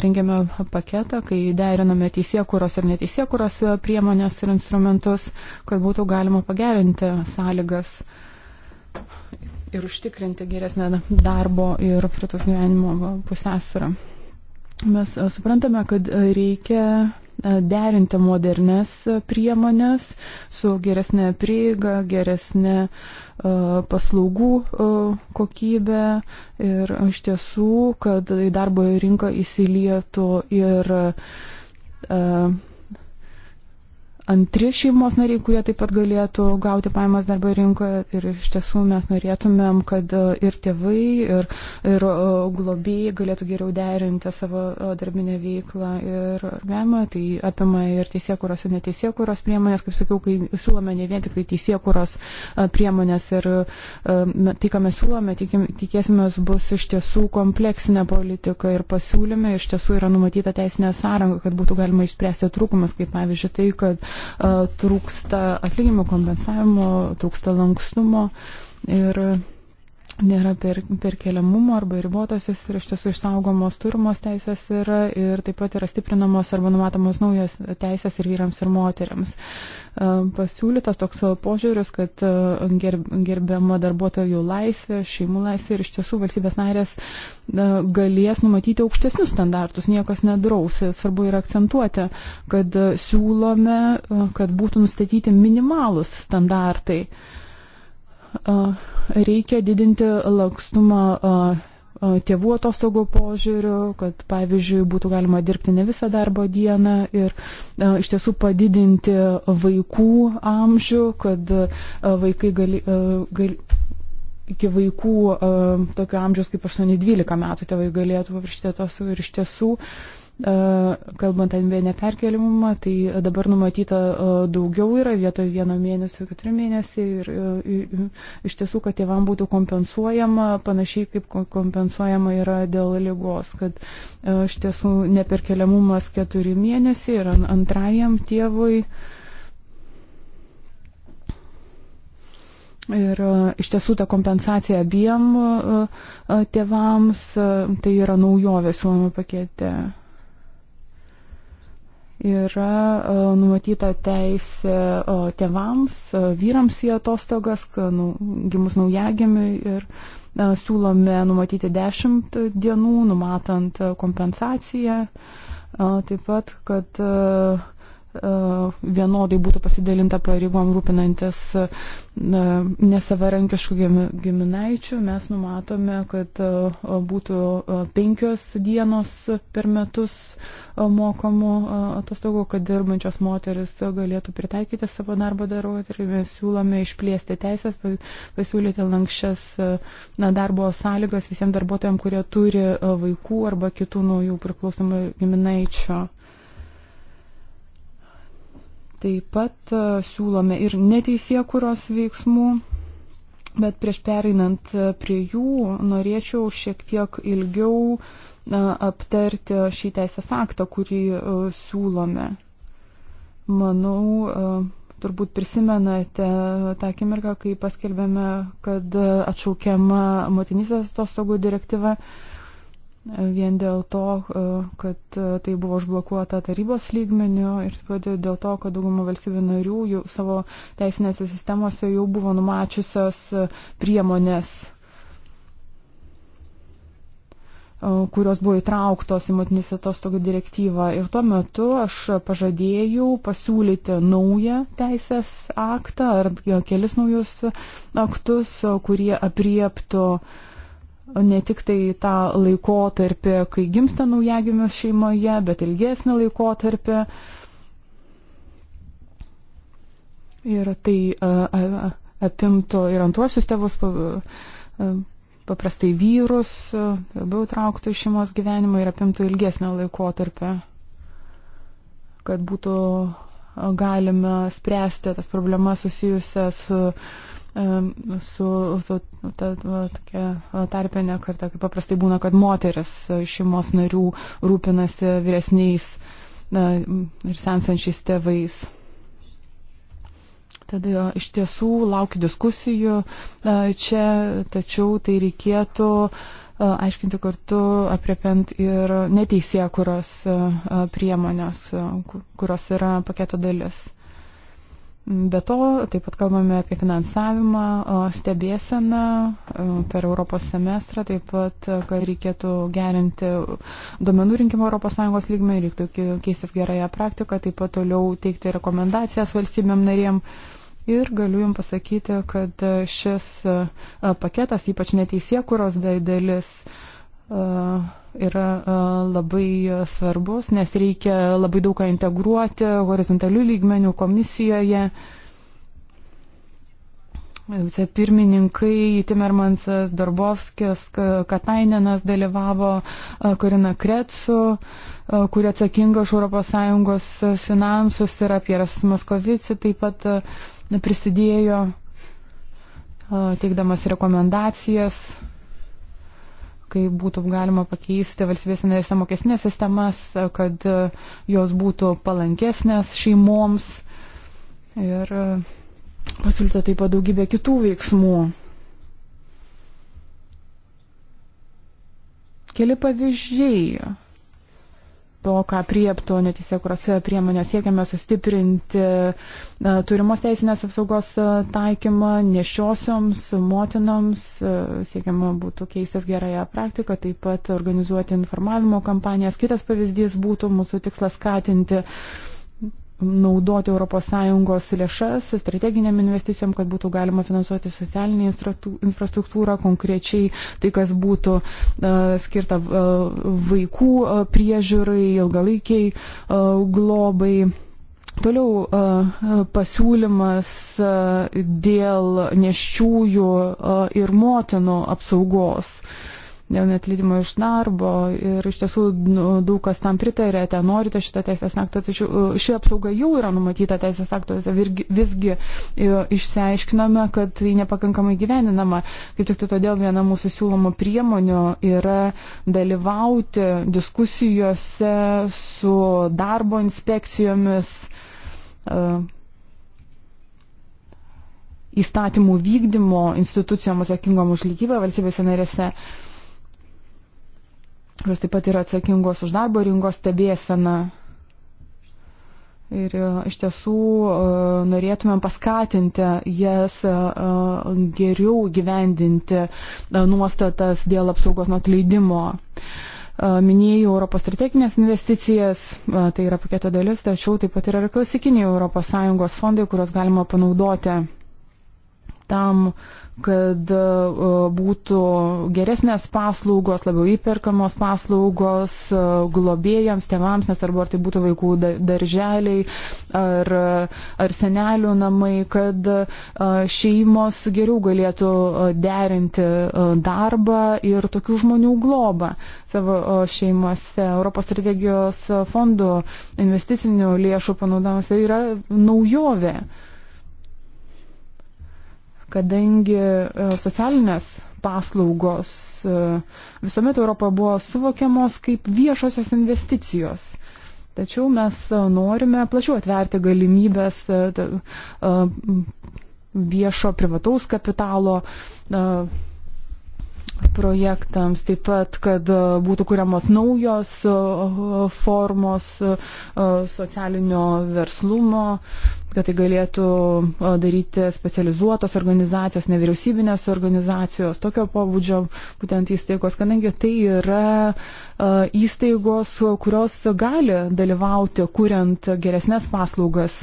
S2: rengėme paketą, kai deriname teisėkuros ir neteisėkuros priemonės ir instrumentus, kad būtų galima pagerinti sąlygas ir užtikrinti geresnę darbo ir pritus gyvenimo pusęsvarą. Mes suprantame, kad reikia E, derinti modernes priemonės su geresnė prieiga, geresnė e, paslaugų e, kokybė ir iš tiesų, kad į darbo rinką įsilietų ir antri šeimos nariai, kurie taip pat galėtų gauti pajamas darbo rinkoje. Ir iš tiesų mes norėtumėm, kad e, ir tėvai, ir, ir e, globėjai galėtų geriau derinti savo e, darbinę veiklą ir organizavimą. Tai apima ir teisėkuros, ir neteisėkuros priemonės. Kaip sakiau, kai siūlome ne vien tik tai teisėkuros priemonės ir tai, ką mes siūlome, tikėsime, bus iš tiesų kompleksinė politika ir pasiūlyme iš tiesų yra numatyta teisinė sąranga, kad būtų galima išspręsti trūkumus, kaip pavyzdžiui tai, kad E, trūksta atlyginimo kompensavimo, trūksta lankstumo ir nėra per, perkeliamumo arba ribotosios ir iš tiesų išsaugomos turimos teisės yra ir taip pat yra stiprinamos arba numatomos naujos teisės ir vyrams ir moteriams. Pasiūlytas toks požiūris, kad gerbiama darbuotojų laisvė, šeimų laisvė ir iš tiesų valstybės narės galės numatyti aukštesnius standartus, niekas nedraus. Svarbu yra akcentuoti, kad siūlome, kad būtų nustatyti minimalus standartai. Uh, reikia didinti lankstumą tėvų atostogų požiūriu, kad pavyzdžiui būtų galima dirbti ne visą darbo dieną ir a, iš tiesų padidinti vaikų amžių, kad a, vaikai gali. A, gali Iki vaikų tokio amžiaus kaip 8-12 metų tėvai galėtų paprašyti atostogų ir iš tiesų uh, E, kalbant apie neperkelimumą, tai dabar numatyta e, daugiau yra vietoje vieno mėnesio, keturi mėnesiai ir, ir, e, ir iš tiesų, kad tėvam būtų kompensuojama panašiai kaip kompensuojama yra dėl lygos, kad iš tiesų neperkeliamumas keturi mėnesiai ir antrajam tėvui. Ir iš tiesų ta kompensacija abiem tėvams tai yra naujovė suomio pakete yra e, numatyta teisė e, tėvams, e, vyrams į atostogas, nu, gimus naujagimiui ir siūlome numatyti 10 dienų, numatant kompensaciją. Taip pat, kad E, vienodai būtų pasidalinta pareigom rūpinantis e, nesavarankiškų giminaičių, mes numatome, kad e, būtų penkios dienos per metus mokamų atostogų, kad dirbančios moteris galėtų pritaikyti savo darbo darbo ir mes siūlome išplėsti teisės, pasiūlyti lankščias na, darbo sąlygas visiems darbuotojams, kurie turi vaikų arba kitų naujų priklausomų giminaičių. Taip pat e, siūlome ir neteisėkuros veiksmų, bet prieš pereinant e, prie jų norėčiau šiek tiek ilgiau e, aptarti šį teisės aktą, kurį siūlome. Manau, turbūt prisimenate tą akimirką, kai paskelbėme, kad atšaukiama motinysės atostogų direktyva. Uh, vien dėl to, e, kad e, tai buvo užblokuota tarybos lygmeniu ir taip pat dėl to, kad dauguma valstybių narių jau savo teisinėse sistemose jau buvo numačiusios e, priemonės kurios buvo įtrauktos į motinys atostogų direktyvą. Ir tuo metu aš pažadėjau pasiūlyti naują teisės aktą ar kelis naujus aktus, kurie apriektų uh, ne tik tai tą laikotarpį, kai gimsta naujagimis šeimoje, bet ilgesnį laikotarpį. Ir tai apimtų ir antruosius tėvus, paprastai vyrus, labiau trauktų iš šeimos gyvenimą ir apimtų ilgesnį laikotarpį, kad būtų galime spręsti tas problemas susijusias su, su, su ta, va, tokia tarpinė karta, kaip paprastai būna, kad moteris šeimos narių rūpinasi vyresniais ir sensančiais tėvais. Tada iš tiesų laukiu diskusijų čia, tačiau tai reikėtų uh, aiškinti kartu, apriepiant ir neteisėje, kurios priemonės, kurios yra paketo dalis. Be to, taip pat kalbame apie finansavimą, stebėseną per Europos semestrą, taip pat, kad reikėtų gerinti duomenų rinkimą ES lygmenį, reiktų keistis gerąją praktiką, taip pat toliau teikti rekomendacijas valstybėm narėm. Uh, Ir galiu Jums pasakyti, kad šis e, paketas, ypač neteisėkuros dalis, e, yra e, labai svarbus, nes reikia labai daug ką integruoti horizontalių lygmenių komisijoje. Visi pirmininkai Timermansas, Darbovskis, Katainenas dalyvavo, Korina Kretsu, kuri atsakinga už ES finansus, yra Pieras Moskovici taip pat Nu, prisidėjo teikdamas rekomendacijas, kaip būtų galima pakeisti valstybės narėse mokesnės sistemas, kad jos būtų palankesnės šeimoms ir pasiūlyta taip pat daugybė kitų veiksmų. Keli pavyzdžiai to, ką priepto neteisėkuros priemonės. Siekiame sustiprinti e, turimos teisinės apsaugos e, taikymą nešiosioms motinoms, e, siekiama būtų keistas gerąją praktiką, taip pat organizuoti informavimo kampanijas. Kitas pavyzdys būtų mūsų tikslas skatinti uh, naudoti ES lėšas strateginiam investicijom, kad būtų galima finansuoti socialinį infrastruktūrą, konkrečiai tai, kas būtų e, skirta e, vaikų e, priežiūrai, ilgalaikiai globai. Toliau pasiūlymas dėl neščiųjų ir motinų apsaugos dėl netleidimo iš darbo ir iš tiesų nu, daug kas tam pritarėte, norite šitą teisės aktą, tačiau e, ši apsauga jau yra numatyta teisės aktuose, visgi e, išsiaiškiname, kad tai nepakankamai gyveninama. Kaip tik tai todėl viena mūsų siūlomų priemonių yra dalyvauti diskusijose su darbo inspekcijomis e, įstatymų vykdymo institucijom atsakingom už lygybę valstybėse narėse. Uh, Jos taip pat yra atsakingos už darbo rinkos stebėseną. Ir e, iš tiesų e, norėtumėm paskatinti jas e, geriau gyvendinti nuostatas dėl apsaugos nuo atleidimo. Minėjau Europos strateginės investicijas, tai yra paketo dalis, tačiau taip pat yra ir klasikiniai ES fondai, kuriuos galima panaudoti tam, uh, kad e, e, būtų geresnės paslaugos, labiau įperkamos paslaugos e, globėjams, tėvams, nesvarbu ar tai būtų vaikų darželiai ar, ar senelių namai, kad šeimos geriau galėtų derinti darbą ir tokių žmonių globą savo šeimose. Europos strategijos fondo investicinių lėšų panaudojimas tai yra naujovė kadangi e, socialinės paslaugos e, visuomet Europoje buvo suvokiamos kaip viešosios investicijos. Tačiau mes e, norime plačiau atverti galimybės viešo privataus kapitalo projektams, taip pat, kad e, būtų kuriamos naujos e, formos e, socialinio verslumo, kad tai galėtų daryti specializuotos organizacijos, nevyriausybinės organizacijos, tokio pobūdžio būtent įstaigos, kadangi tai yra įstaigos, kurios gali dalyvauti, kuriant geresnės paslaugas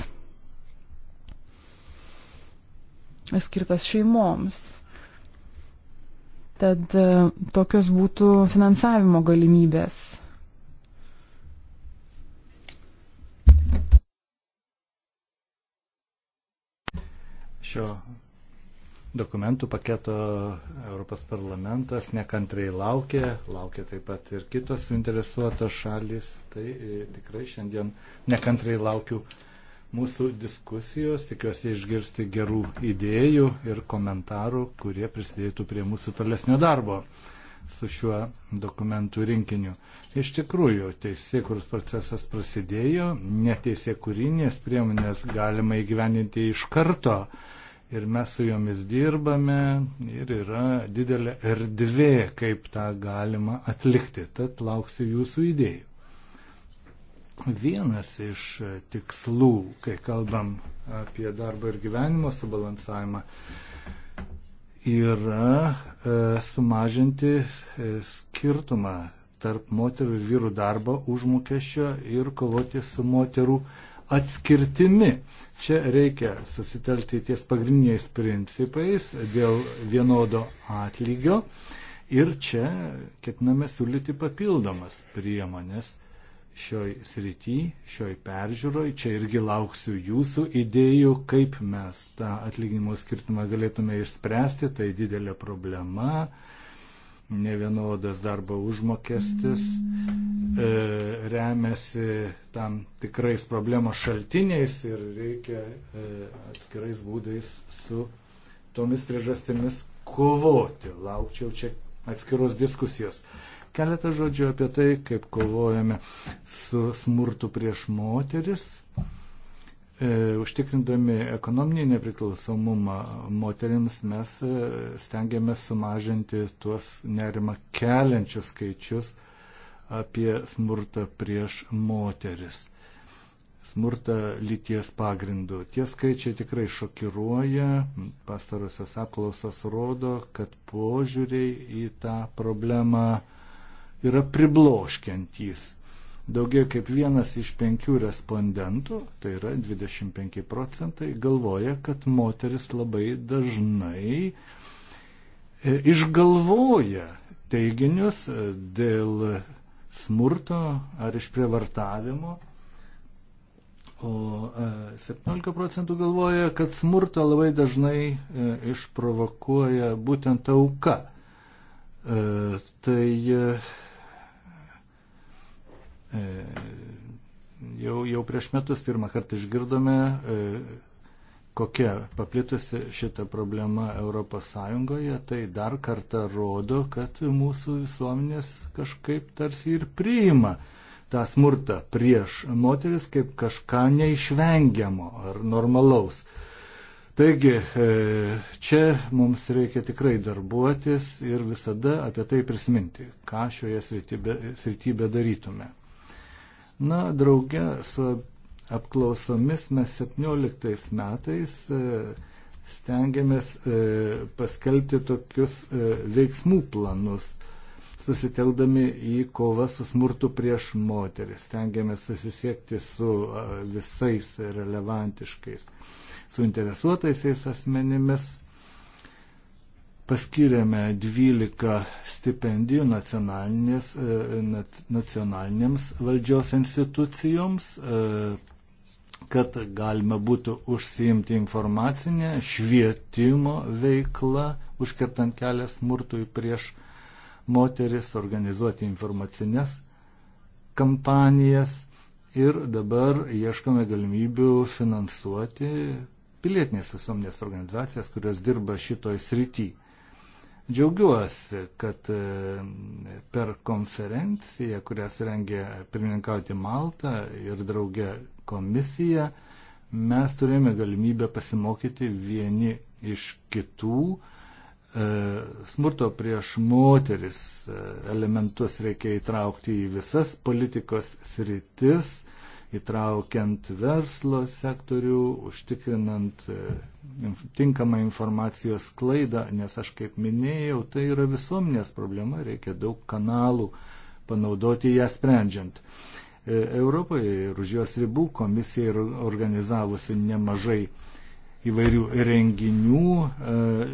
S2: skirtas šeimoms. Tad e, tokios būtų finansavimo galimybės.
S4: Šio dokumentų paketo Europos parlamentas nekantriai laukia, laukia taip pat ir kitos suinteresuotos šalis. Tai e, tikrai šiandien nekantriai laukiu mūsų diskusijos. Tikiuosi išgirsti gerų idėjų ir komentarų, kurie prisidėtų prie mūsų tolesnio darbo su šiuo dokumentų rinkiniu. Iš tikrųjų, teisėkurus procesas prasidėjo, neteisėkurinės priemonės galima įgyveninti iš karto ir mes su jomis dirbame ir yra didelė erdvė, kaip tą galima atlikti. Tad lauksiu jūsų idėjų. Vienas iš e, tikslų, kai kalbam apie darbo ir gyvenimo subalansavimą, yra e, sumažinti e, skirtumą tarp moterų ir vyrų darbo užmokesčio ir kovoti su moterų atskirtimi. Čia reikia susitelti ties pagrindiniais principais dėl vienodo atlygio ir čia ketiname siūlyti papildomas priemonės šioj srity, šioj peržiūroj. Čia irgi lauksiu jūsų idėjų, kaip mes tą atlyginimo skirtumą galėtume išspręsti. Tai didelė problema. Ne vienodas darbo užmokestis e, remiasi tam tikrais problemos šaltiniais ir reikia e, atskirais būdais su tomis priežastimis kovoti. Laukčiau čia atskiros diskusijos. Keletą žodžių apie tai, kaip kovojame su smurtu prieš moteris, e, užtikrindami ekonominį nepriklausomumą moteriams mes e, stengiamės sumažinti tuos nerimą keliančius skaičius apie smurtą prieš moteris smurtą lyties pagrindu. Tie skaičiai tikrai šokiruoja, pastarosios apklausos rodo, kad požiūriai į tą problemą yra pribloškiantys. Daugiau kaip vienas iš penkių respondentų, tai yra 25 procentai, galvoja, kad moteris labai dažnai e, išgalvoja teiginius e, dėl smurto ar išprievartavimo, o 17 e, procentų galvoja, kad smurto labai dažnai išprovokuoja būtent auka. Tai E, jau, jau prieš metus pirmą kartą išgirdome, e, kokia paplitusi šita problema ES, tai dar kartą rodo, kad mūsų visuomenės kažkaip tarsi ir priima tą smurtą prieš moteris kaip kažką neišvengiamo ar normalaus. Taigi e, čia mums reikia tikrai darbuotis ir visada apie tai prisiminti, ką šioje srityje darytume. Na, drauge su apklausomis mes 17 metais e, stengiamės e, paskelbti tokius e, veiksmų planus susiteldami į kovą su smurtu prieš moteris. Stengiamės susisiekti su visais relevantiškais suinteresuotaisiais asmenimis paskiriame 12 stipendijų e, nacionalinėms valdžios institucijoms, e, kad galima būtų užsiimti informacinę švietimo veiklą, užkertant kelią smurtui prieš moteris, organizuoti informacinės kampanijas ir dabar ieškome galimybių finansuoti pilietinės visuomenės organizacijas, kurios dirba šitoj srityje. Džiaugiuosi, kad e, per konferenciją, kurią surengė pirmininkauti Malta ir draugė komisija, mes turėjome galimybę pasimokyti vieni iš kitų. E, smurto prieš moteris e, elementus reikia įtraukti į visas politikos sritis įtraukiant verslo sektorių, užtikrinant e, tinkamą informacijos klaidą, nes aš kaip minėjau, tai yra visuomenės problema, reikia daug kanalų panaudoti ją sprendžiant. E, Europoje ir už jos ribų komisija yra organizavusi nemažai įvairių renginių e,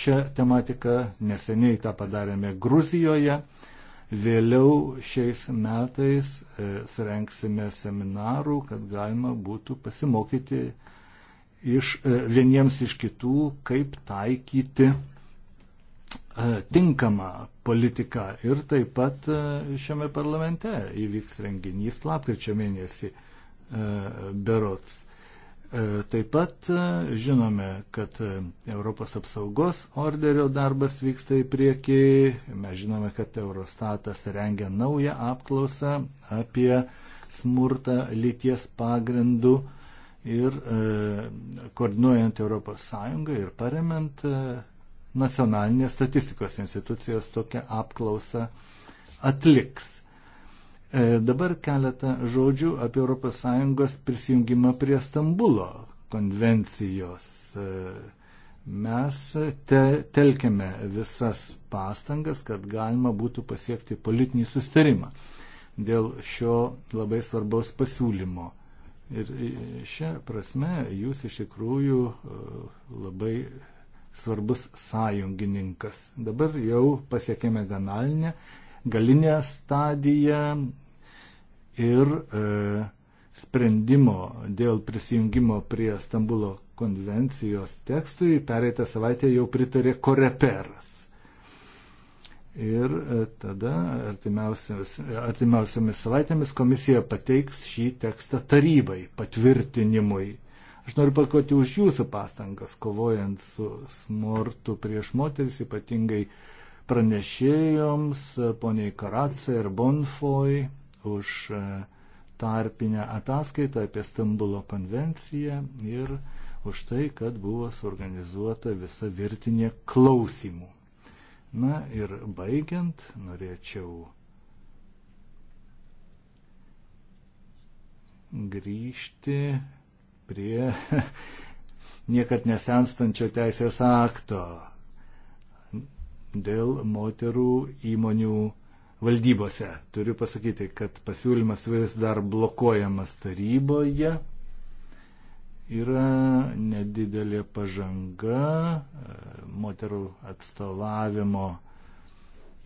S4: šią tematiką, neseniai tą padarėme Gruzijoje Vėliau šiais metais e, surenksime seminarų, kad galima būtų pasimokyti iš e, vieniems iš kitų, kaip taikyti e, tinkamą politiką. Ir taip pat šiame parlamente įvyks renginys lapkričio mėnesį berots. E, taip pat e, žinome, kad e, Europos apsaugos orderio darbas vyksta į priekį. Mes žinome, kad Eurostatas rengia naują apklausą apie smurtą lyties pagrindų ir koordinuojant ES ir paremant nacionalinės statistikos institucijos tokią apklausą atliks. E, dabar keletą žodžių apie ES prisijungimą prie Stambulo konvencijos. E, mes te, telkėme visas pastangas, kad galima būtų pasiekti politinį sustarimą dėl šio labai svarbaus pasiūlymo. Ir e, šią prasme jūs iš tikrųjų labai svarbus sąjungininkas. Dabar jau pasiekėme ganalinę galinę stadiją ir e, sprendimo dėl prisijungimo prie Stambulo konvencijos tekstui pereitą savaitę jau pritarė koreperas. Ir e, tada artimiausiamis savaitėmis komisija pateiks šį tekstą tarybai patvirtinimui. Aš noriu pakoti už jūsų pastangas, kovojant su smurtu prieš moteris, ypatingai uh, pranešėjoms, poniai Karatse ir Bonfoj, už e, tarpinę ataskaitą apie Stambulo konvenciją ir už tai, kad buvo suorganizuota visa virtinė klausimų. Na ir baigiant, norėčiau grįžti prie niekad nesenstančio teisės akto dėl moterų įmonių valdybose. Turiu pasakyti, kad pasiūlymas vis dar blokuojamas taryboje. Yra nedidelė pažanga e, moterų atstovavimo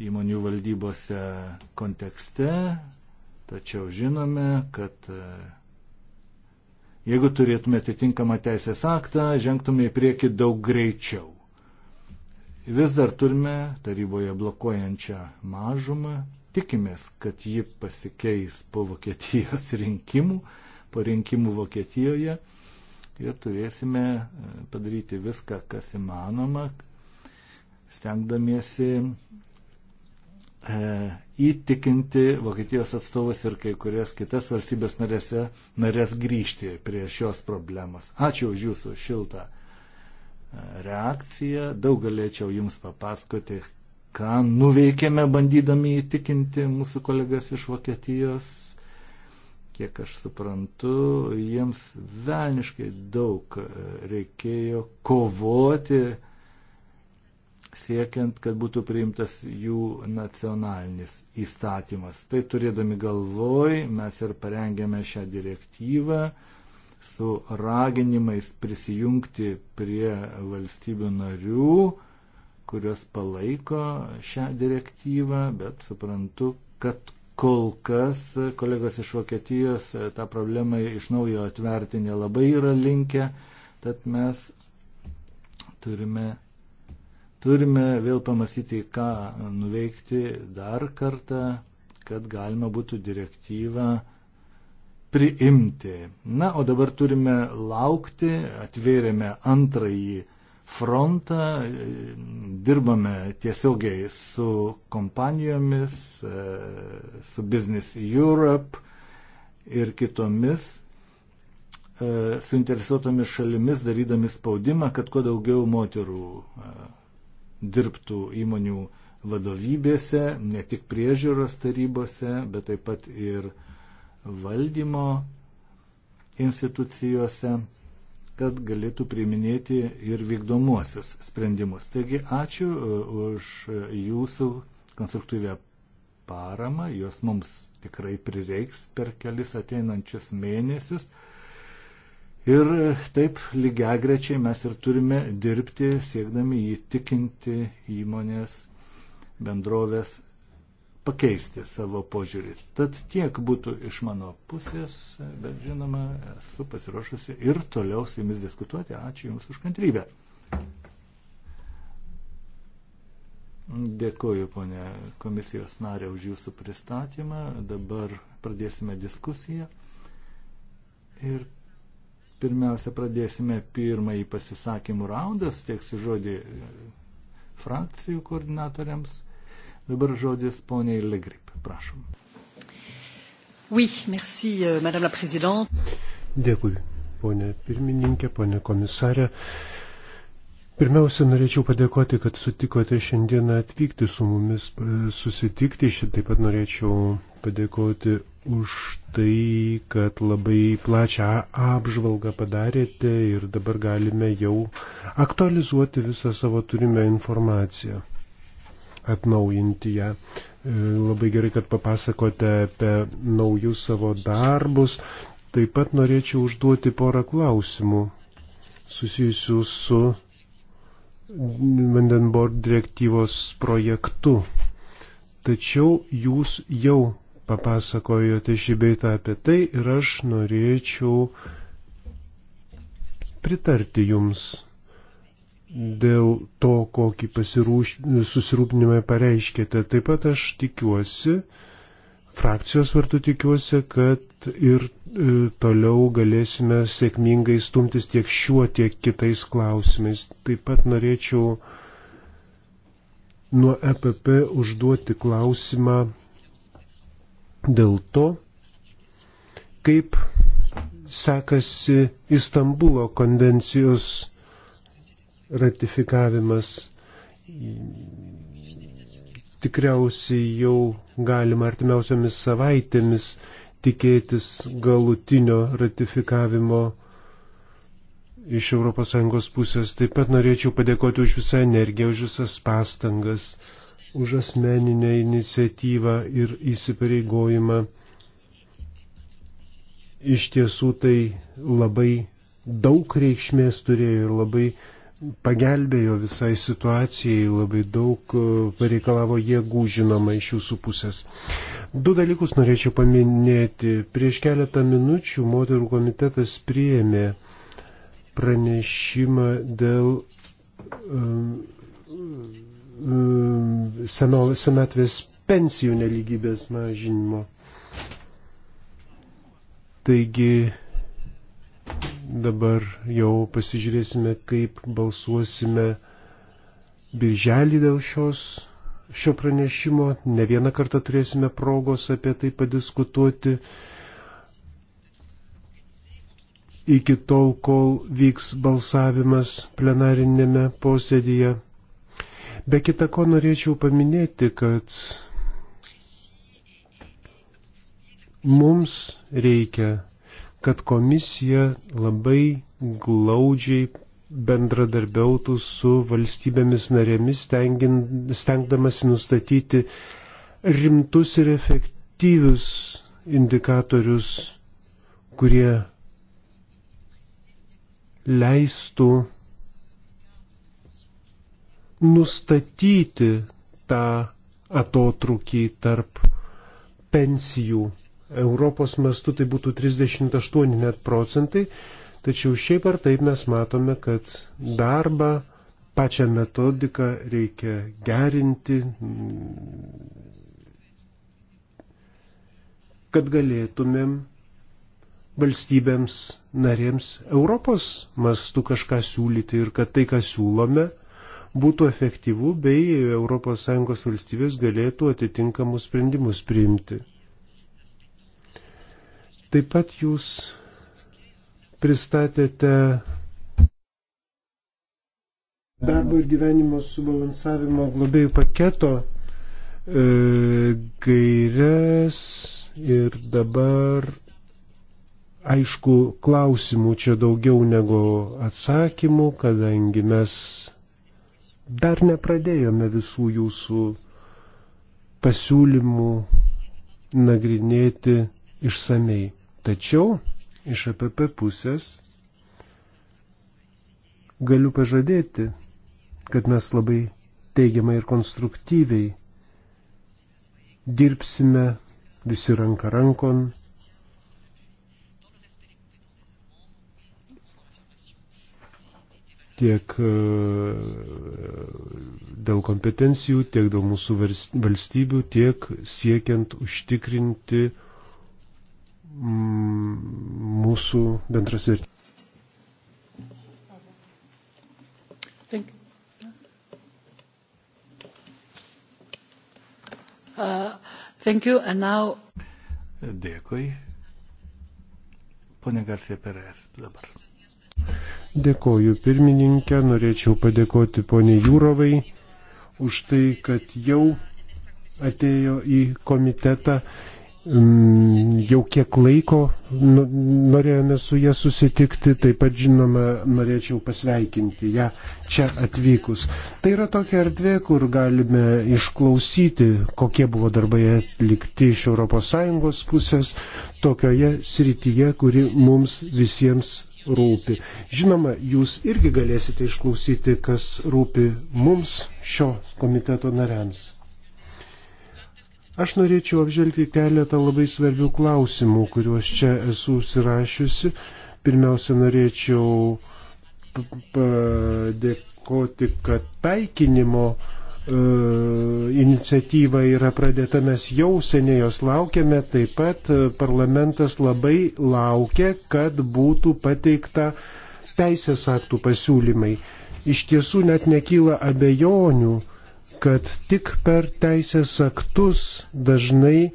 S4: įmonių valdybose kontekste, tačiau žinome, kad e, jeigu turėtume atitinkamą teisės aktą, žengtume į priekį daug greičiau. Vis dar turime taryboje blokuojančią mažumą, tikimės, kad ji pasikeis po Vokietijos rinkimų, po rinkimų Vokietijoje ir turėsime e, padaryti viską, kas įmanoma, stengdamiesi e, įtikinti Vokietijos atstovas ir kai kurias kitas valstybės narėse, narės grįžti prie šios problemos. Ačiū už Jūsų šiltą reakciją. Daug galėčiau Jums papasakoti, ką nuveikėme bandydami įtikinti mūsų kolegas iš Vokietijos. Kiek aš suprantu, jiems velniškai daug reikėjo kovoti siekiant, kad būtų priimtas jų nacionalinis įstatymas. Tai turėdami galvoj, mes ir parengėme šią direktyvą, su raginimais prisijungti prie valstybių narių, kurios palaiko šią direktyvą, bet suprantu, kad kol kas kolegos iš Vokietijos e, tą problemą iš naujo atverti nelabai yra linkę, tad mes turime, turime vėl pamastyti, ką nuveikti dar kartą, kad galima būtų direktyvą priimti. Na, o dabar turime laukti, atvėrėme antrąjį frontą, dirbame tiesiogiai su kompanijomis, e, su Business Europe ir kitomis e, suinteresuotomis šalimis, darydami spaudimą, kad kuo daugiau moterų e, dirbtų įmonių vadovybėse, ne tik priežiūros tarybose, bet taip pat ir uh, valdymo institucijose, kad galėtų priiminėti ir vykdomuosius sprendimus. Taigi ačiū e, už jūsų konstruktyvę paramą, jos mums tikrai prireiks per kelis ateinančius mėnesius. Ir taip lygiagrečiai mes ir turime dirbti, siekdami įtikinti įmonės bendrovės pakeisti savo požiūrį. Tad tiek būtų iš mano pusės, bet žinoma, esu pasiruošusi ir toliau su jumis diskutuoti. Ačiū Jums už kantrybę. Dėkuoju, ponė komisijos narė, už Jūsų pristatymą. Dabar pradėsime diskusiją. Ir pirmiausia, pradėsime pirmąjį pasisakymų raundą, suteiksiu žodį frakcijų koordinatoriams. Dabar žodis poniai Legrip, prašom.
S5: Oui, merci, euh, madame la présidente. Dėkui, ponė pirmininkė, ponė komisarė. Pirmiausia, norėčiau padėkoti, kad sutikote šiandieną atvykti su mumis e, susitikti. Šitaip pat norėčiau padėkoti už tai, kad labai plačią apžvalgą padarėte ir dabar galime jau aktualizuoti visą savo turimą informaciją atnaujinti ją. E, labai gerai, kad papasakote apie naujus savo darbus. Taip pat norėčiau užduoti porą klausimų susijusių su Vandenborg direktyvos projektu. Tačiau jūs jau papasakojote šį beitą apie tai ir aš norėčiau pritarti jums dėl to, kokį pasirūš... susirūpinimą pareiškėte. Taip pat aš tikiuosi, frakcijos vartų tikiuosi, kad ir e, toliau galėsime sėkmingai stumtis tiek šiuo, tiek kitais klausimais. Taip pat norėčiau nuo EPP užduoti klausimą dėl to, kaip sekasi Istanbulo konvencijos ratifikavimas tikriausiai jau galima artimiausiomis savaitėmis tikėtis galutinio ratifikavimo iš ES pusės. Taip pat norėčiau padėkoti už visą energiją, už visas pastangas, už asmeninę iniciatyvą ir įsipareigojimą. Iš tiesų tai labai daug reikšmės turėjo ir labai pagelbėjo visai situacijai, labai daug e, pareikalavo jėgų, žinoma, iš jūsų pusės. Du dalykus norėčiau paminėti. Prieš keletą minučių moterų komitetas priėmė pranešimą dėl um, um, senatvės pensijų neligybės mažinimo. Taigi Dabar jau pasižiūrėsime, kaip balsuosime birželį dėl šios, šio pranešimo. Ne vieną kartą turėsime progos apie tai padiskutuoti. Iki tol, kol vyks balsavimas plenarinėme posėdėje. Be kita ko norėčiau paminėti, kad mums reikia kad komisija labai glaudžiai bendradarbiautų su valstybėmis narėmis, stengdamasi nustatyti rimtus ir efektyvius indikatorius, kurie leistų nustatyti tą atotrukį tarp pensijų Europos mastu tai būtų 38 net procentai, tačiau šiaip ar taip mes matome, kad darbą, pačią metodiką reikia gerinti, kad galėtumėm valstybėms narėms Europos mastu kažką siūlyti ir kad tai, ką siūlome, būtų efektyvu bei ES valstybės galėtų atitinkamus sprendimus priimti. Taip pat jūs pristatėte darbo ir gyvenimo subalansavimo globėjų paketo e, gairias ir dabar aišku klausimų čia daugiau negu atsakymų, kadangi mes dar nepradėjome visų jūsų pasiūlymų nagrinėti išsamei. Tačiau iš APP pusės galiu pažadėti, kad mes labai teigiamai ir konstruktyviai dirbsime visi ranka rankon. tiek e, dėl kompetencijų, tiek dėl mūsų valstybių, tiek siekiant užtikrinti uh, Mm, mūsų bendras vertybės.
S2: Uh, thank you
S3: and
S4: now. Dėkui. Pone Garsė Perės dabar.
S5: Dėkoju pirmininkė, norėčiau padėkoti poniai Jūrovai už tai, kad jau atėjo į komitetą Mm, jau kiek laiko norėjome su jie susitikti, taip pat žinoma, norėčiau pasveikinti ją čia atvykus. Tai yra tokia erdvė, kur galime išklausyti, kokie buvo darbai atlikti iš ES pusės, tokioje srityje, kuri mums visiems rūpi. Žinoma, jūs irgi galėsite išklausyti, kas rūpi mums, šio komiteto nariams. Aš norėčiau apžvelgti keletą labai svarbių klausimų, kuriuos čia esu užsirašiusi. Pirmiausia, norėčiau padėkoti, kad taikinimo e, iniciatyva yra pradėta, mes jau seniai jos laukiame, taip pat e, parlamentas labai laukia, kad būtų pateikta teisės aktų pasiūlymai. Iš tiesų net nekyla abejonių, kad tik per teisės aktus dažnai e,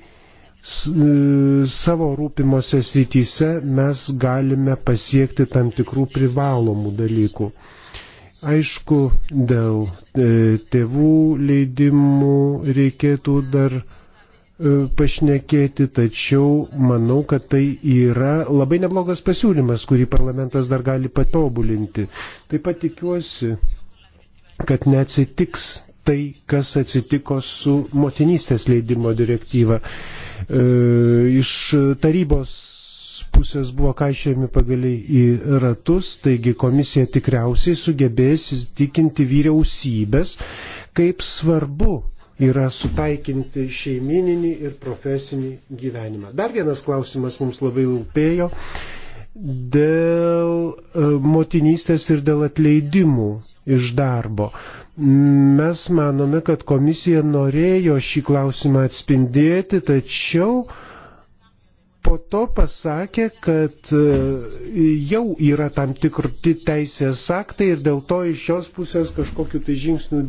S5: savo rūpimose srityse mes galime pasiekti tam tikrų privalomų dalykų. Aišku, dėl e, tėvų leidimų reikėtų dar e, pašnekėti, tačiau manau, kad tai yra labai neblogas pasiūlymas, kurį parlamentas dar gali patobulinti. Taip pat tikiuosi, kad neatsitiks tai, kas atsitiko su motinystės leidimo direktyva. E, iš tarybos pusės buvo kaišėjami pagaliai į ratus, taigi komisija tikriausiai sugebės įtikinti vyriausybės, kaip svarbu yra sutaikinti šeimininį ir profesinį gyvenimą. Dar vienas klausimas mums labai lūpėjo dėl e, motinystės ir dėl atleidimų iš darbo. Mes manome, kad komisija norėjo šį klausimą atspindėti, tačiau po to pasakė, kad e, jau yra tam tikri teisės aktai ir dėl to iš jos pusės kažkokiu tai žingsniu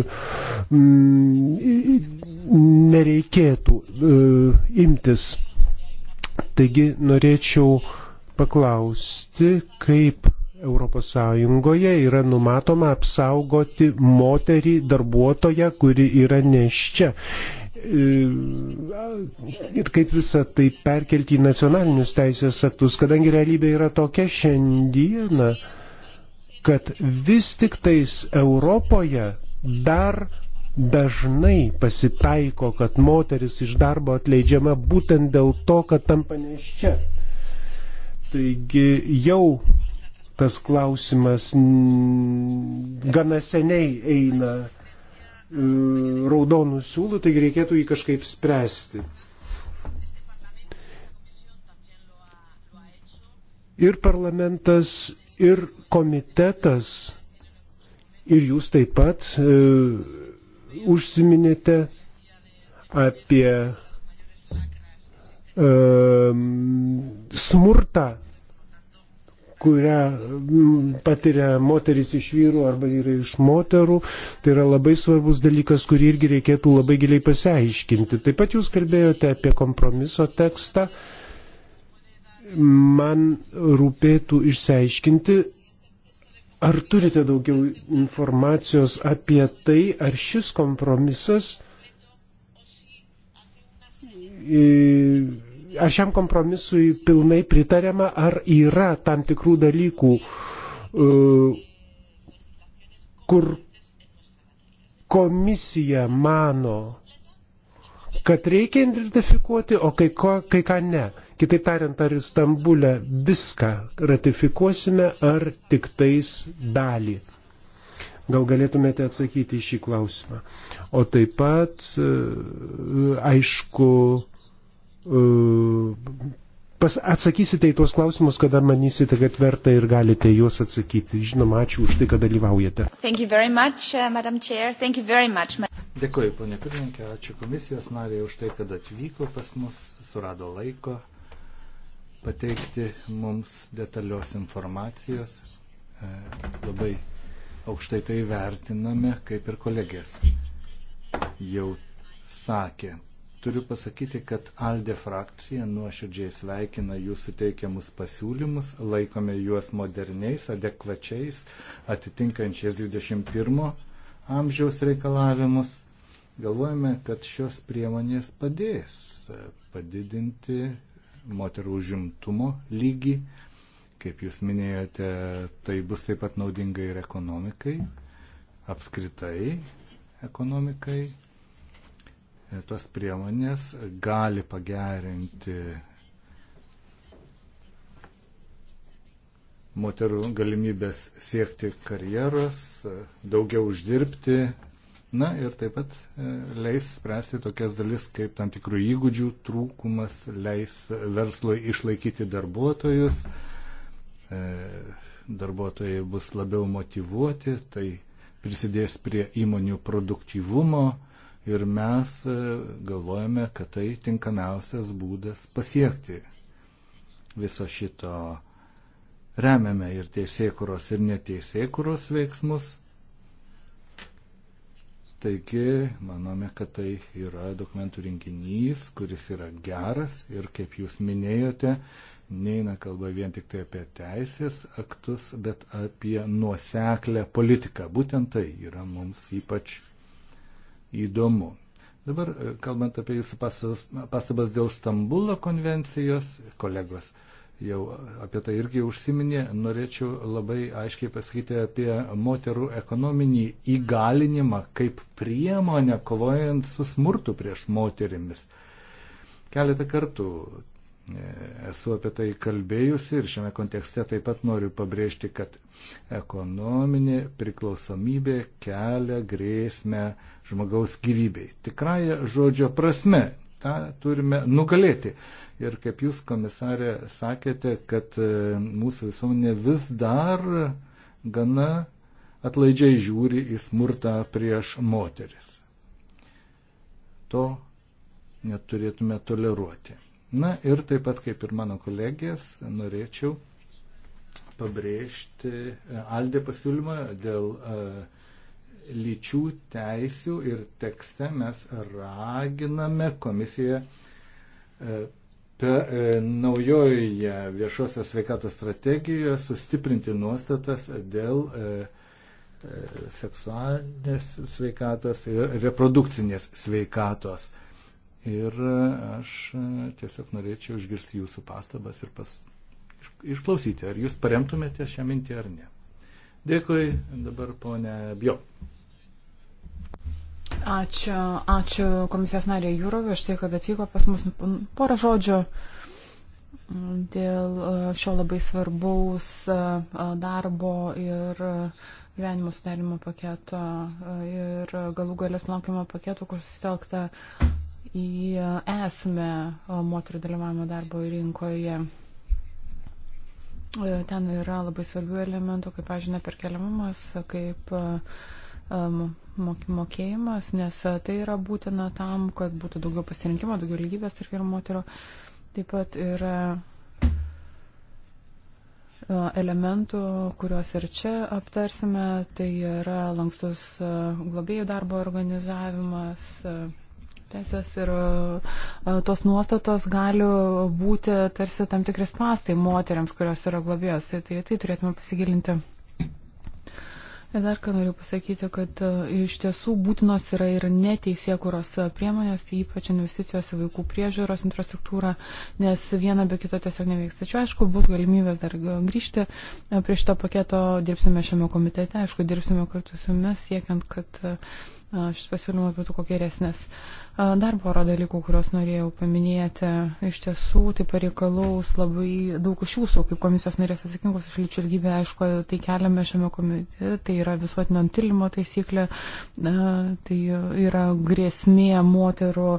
S5: e, nereikėtų imtis. Taigi norėčiau paklausti, kaip ES yra numatoma apsaugoti moterį darbuotoją, kuri yra neščia. Ir kaip visą tai perkelti į nacionalinius teisės aktus, kadangi realybė yra tokia šiandieną, kad vis tik tais Europoje dar dažnai pasitaiko, kad moteris iš darbo atleidžiama būtent dėl to, kad tampa neščia. Taigi jau tas klausimas gana seniai eina e, raudonų siūlų, taigi reikėtų jį kažkaip spręsti. Ir parlamentas, ir komitetas, ir jūs taip pat e, užsiminėte apie e, smurtą, kurią patiria moteris iš vyrų arba vyrai iš moterų. Tai yra labai svarbus dalykas, kurį irgi reikėtų labai giliai pasiaiškinti. Taip pat jūs kalbėjote apie kompromiso tekstą. Man rūpėtų išsiaiškinti, Ar turite daugiau informacijos apie tai, ar šis kompromisas, ar šiam kompromisui pilnai pritarėma, ar yra tam tikrų dalykų, e, kur komisija mano, kad reikia identifikuoti, o kai, ko, kai ką ne. Kitaip tariant, ar Stambulę viską ratifikuosime, ar tik tais dalį. Gal galėtumėte atsakyti į šį klausimą. O taip pat, e, aišku, e, pas, atsakysite į tuos klausimus, kada manysite, kad verta ir galite juos atsakyti. Žinoma, ačiū už tai, kad dalyvaujate.
S1: Much, uh, much,
S4: Dėkuoju, ponė pirmininkė, ačiū komisijos nariai už tai, kad atvyko pas mus, surado laiko pateikti mums detalios informacijos. E, labai aukštai tai vertiname, kaip ir kolegės jau sakė. Turiu pasakyti, kad Alde frakcija nuoširdžiai sveikina jūsų teikiamus pasiūlymus, laikome juos moderniais, adekvačiais, atitinkančiais 21 amžiaus reikalavimus. Galvojame, kad šios priemonės padės padidinti moterų užimtumo lygį. Kaip jūs minėjote, tai bus taip pat naudinga ir ekonomikai, apskritai ekonomikai. E, Tos priemonės gali pagerinti moterų galimybės siekti karjeros, e, daugiau uždirbti, Na ir taip pat e, leis spręsti tokias dalis, kaip tam tikrų įgūdžių trūkumas, leis verslui išlaikyti darbuotojus, e, darbuotojai bus labiau motivuoti, tai prisidės prie įmonių produktyvumo ir mes e, galvojame, kad tai tinkamiausias būdas pasiekti viso šito. Remiame ir teisėkuros, ir neteisėkuros veiksmus, Taigi, manome, kad tai yra dokumentų rinkinys, kuris yra geras ir, kaip jūs minėjote, neina kalba vien tik tai apie teisės aktus, bet apie nuoseklę politiką. Būtent tai yra mums ypač įdomu. Dabar, e, kalbant apie jūsų pastabas dėl Stambulo konvencijos, kolegos, uh, jau apie tai irgi užsiminė, norėčiau labai aiškiai pasakyti apie moterų ekonominį įgalinimą kaip priemonę kovojant su smurtu prieš moterimis. Keletą kartų e, esu apie tai kalbėjusi ir šiame kontekste taip pat noriu pabrėžti, kad ekonominė priklausomybė kelia grėsmę žmogaus gyvybei. Tikrąją žodžio prasme tą turime nugalėti. Ir kaip jūs, komisarė, sakėte, kad e, mūsų visuomenė vis dar gana atlaidžiai žiūri į smurtą prieš moteris. To neturėtume toleruoti. Na ir taip pat kaip ir mano kolegės, norėčiau pabrėžti e, Aldė pasiūlymą dėl e, lyčių teisių ir tekste mes raginame komisiją E, naujoje viešosios sveikatos strategijoje sustiprinti nuostatas dėl e, e, seksualinės sveikatos ir reprodukcinės sveikatos. Ir aš tiesiog norėčiau išgirsti jūsų pastabas ir pas, išklausyti, ar jūs paremtumėte šią mintį ar ne. Dėkui dabar ponė Bjo.
S2: Ačiū, ačiū komisijos narė Jūrovė, aš tai, kad atvyko pas mus porą žodžių dėl e, šio labai svarbaus e, e, darbo ir gyvenimo sudarimo paketo ir galų galės laukimo paketo, kur susitelkta į esmę moterų dalyvavimo darbo rinkoje. Ten yra labai svarbių elementų, kaip, pažiūrėjau, perkeliamumas, kaip uh, Um, mokėjimas, nes uh, tai yra būtina tam, kad būtų daugiau pasirinkimo, daugiau lygybės tarp vyrų moterų. Taip pat yra uh, elementų, kuriuos ir čia aptarsime, tai yra lankstus uh, globėjų darbo organizavimas, teisės ir tos nuostatos gali būti tarsi tam tikras pastai moteriams, kurios yra globėjos. Tai, tai, tai turėtume pasigilinti. Dar ką noriu pasakyti, kad e, iš tiesų būtinos yra ir neteisėkuros e, priemonės, ypač investicijos į vaikų priežiūros infrastruktūrą, nes viena be kito tiesiog neveiks. Tačiau, aišku, bus galimybės dar e, grįžti prie šito paketo, dirbsime šiame komitete, aišku, dirbsime kartu su jumis, siekiant, kad šis pasiūlymas būtų kokie geresnis. Dar porą dalykų, kuriuos norėjau paminėti. Iš tiesų, tai pareikalaus labai daug iš jūsų, kaip komisijos narės atsakingos už lyčių lygybę, aišku, tai keliame šiame komitete, tai yra visuotinio antilimo taisyklė, tai yra grėsmė moterų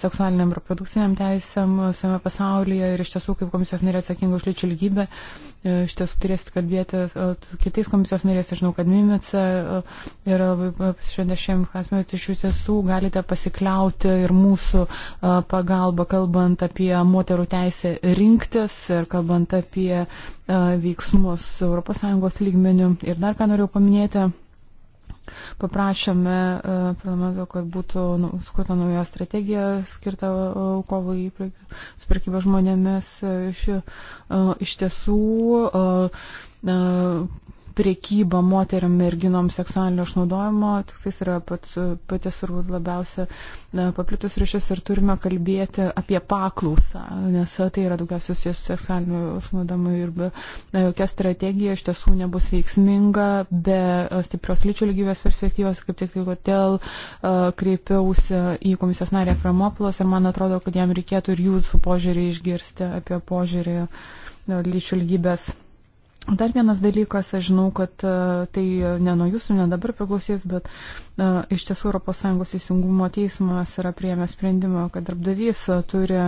S2: seksualiniam reprodukciniam teisėm visame pasaulyje ir iš tiesų, kaip komisijos narė atsakinga už lyčių lygybę, iš tiesų turėsit kalbėti kitais komisijos narės, žinau, kad Mimica yra labai pasišventę šiam klausimui, iš tiesų galite pasikliauti gauti ir mūsų pagalbą, kalbant apie moterų teisę rinktis ir kalbant apie veiksmus ES lygmenių. Ir dar ką norėjau paminėti. Paprašėme parlamento, kad būtų nu, skurta nauja strategija skirta kovai su prekyba žmonėmis. Iš, iš tiesų priekyba moteriam merginom seksualinio išnaudojimo, tikslas yra pats, patys turbūt labiausia paplitus ryšis ir turime kalbėti apie paklausą, nes tai yra daugiausiai susijęs su seksualiniu išnaudojimu ir be jokia strategija iš tiesų nebus veiksminga, be stiprios lyčių lygybės perspektyvos, kaip tik tai kodėl kreipiausi į komisijos narę Framopulos ir man atrodo, kad jam reikėtų ir jūsų požiūrį išgirsti apie požiūrį lyčių lygybės Dar vienas dalykas, aš žinau, kad e, tai ne nuo jūsų, ne dabar priklausys, bet na, e, iš tiesų ES teisingumo teismas yra prieėmęs sprendimą, kad darbdavys e, turi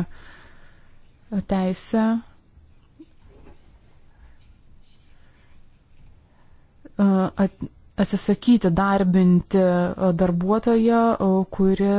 S2: teisę at, atsisakyti darbinti e, darbuotoją, e, kuri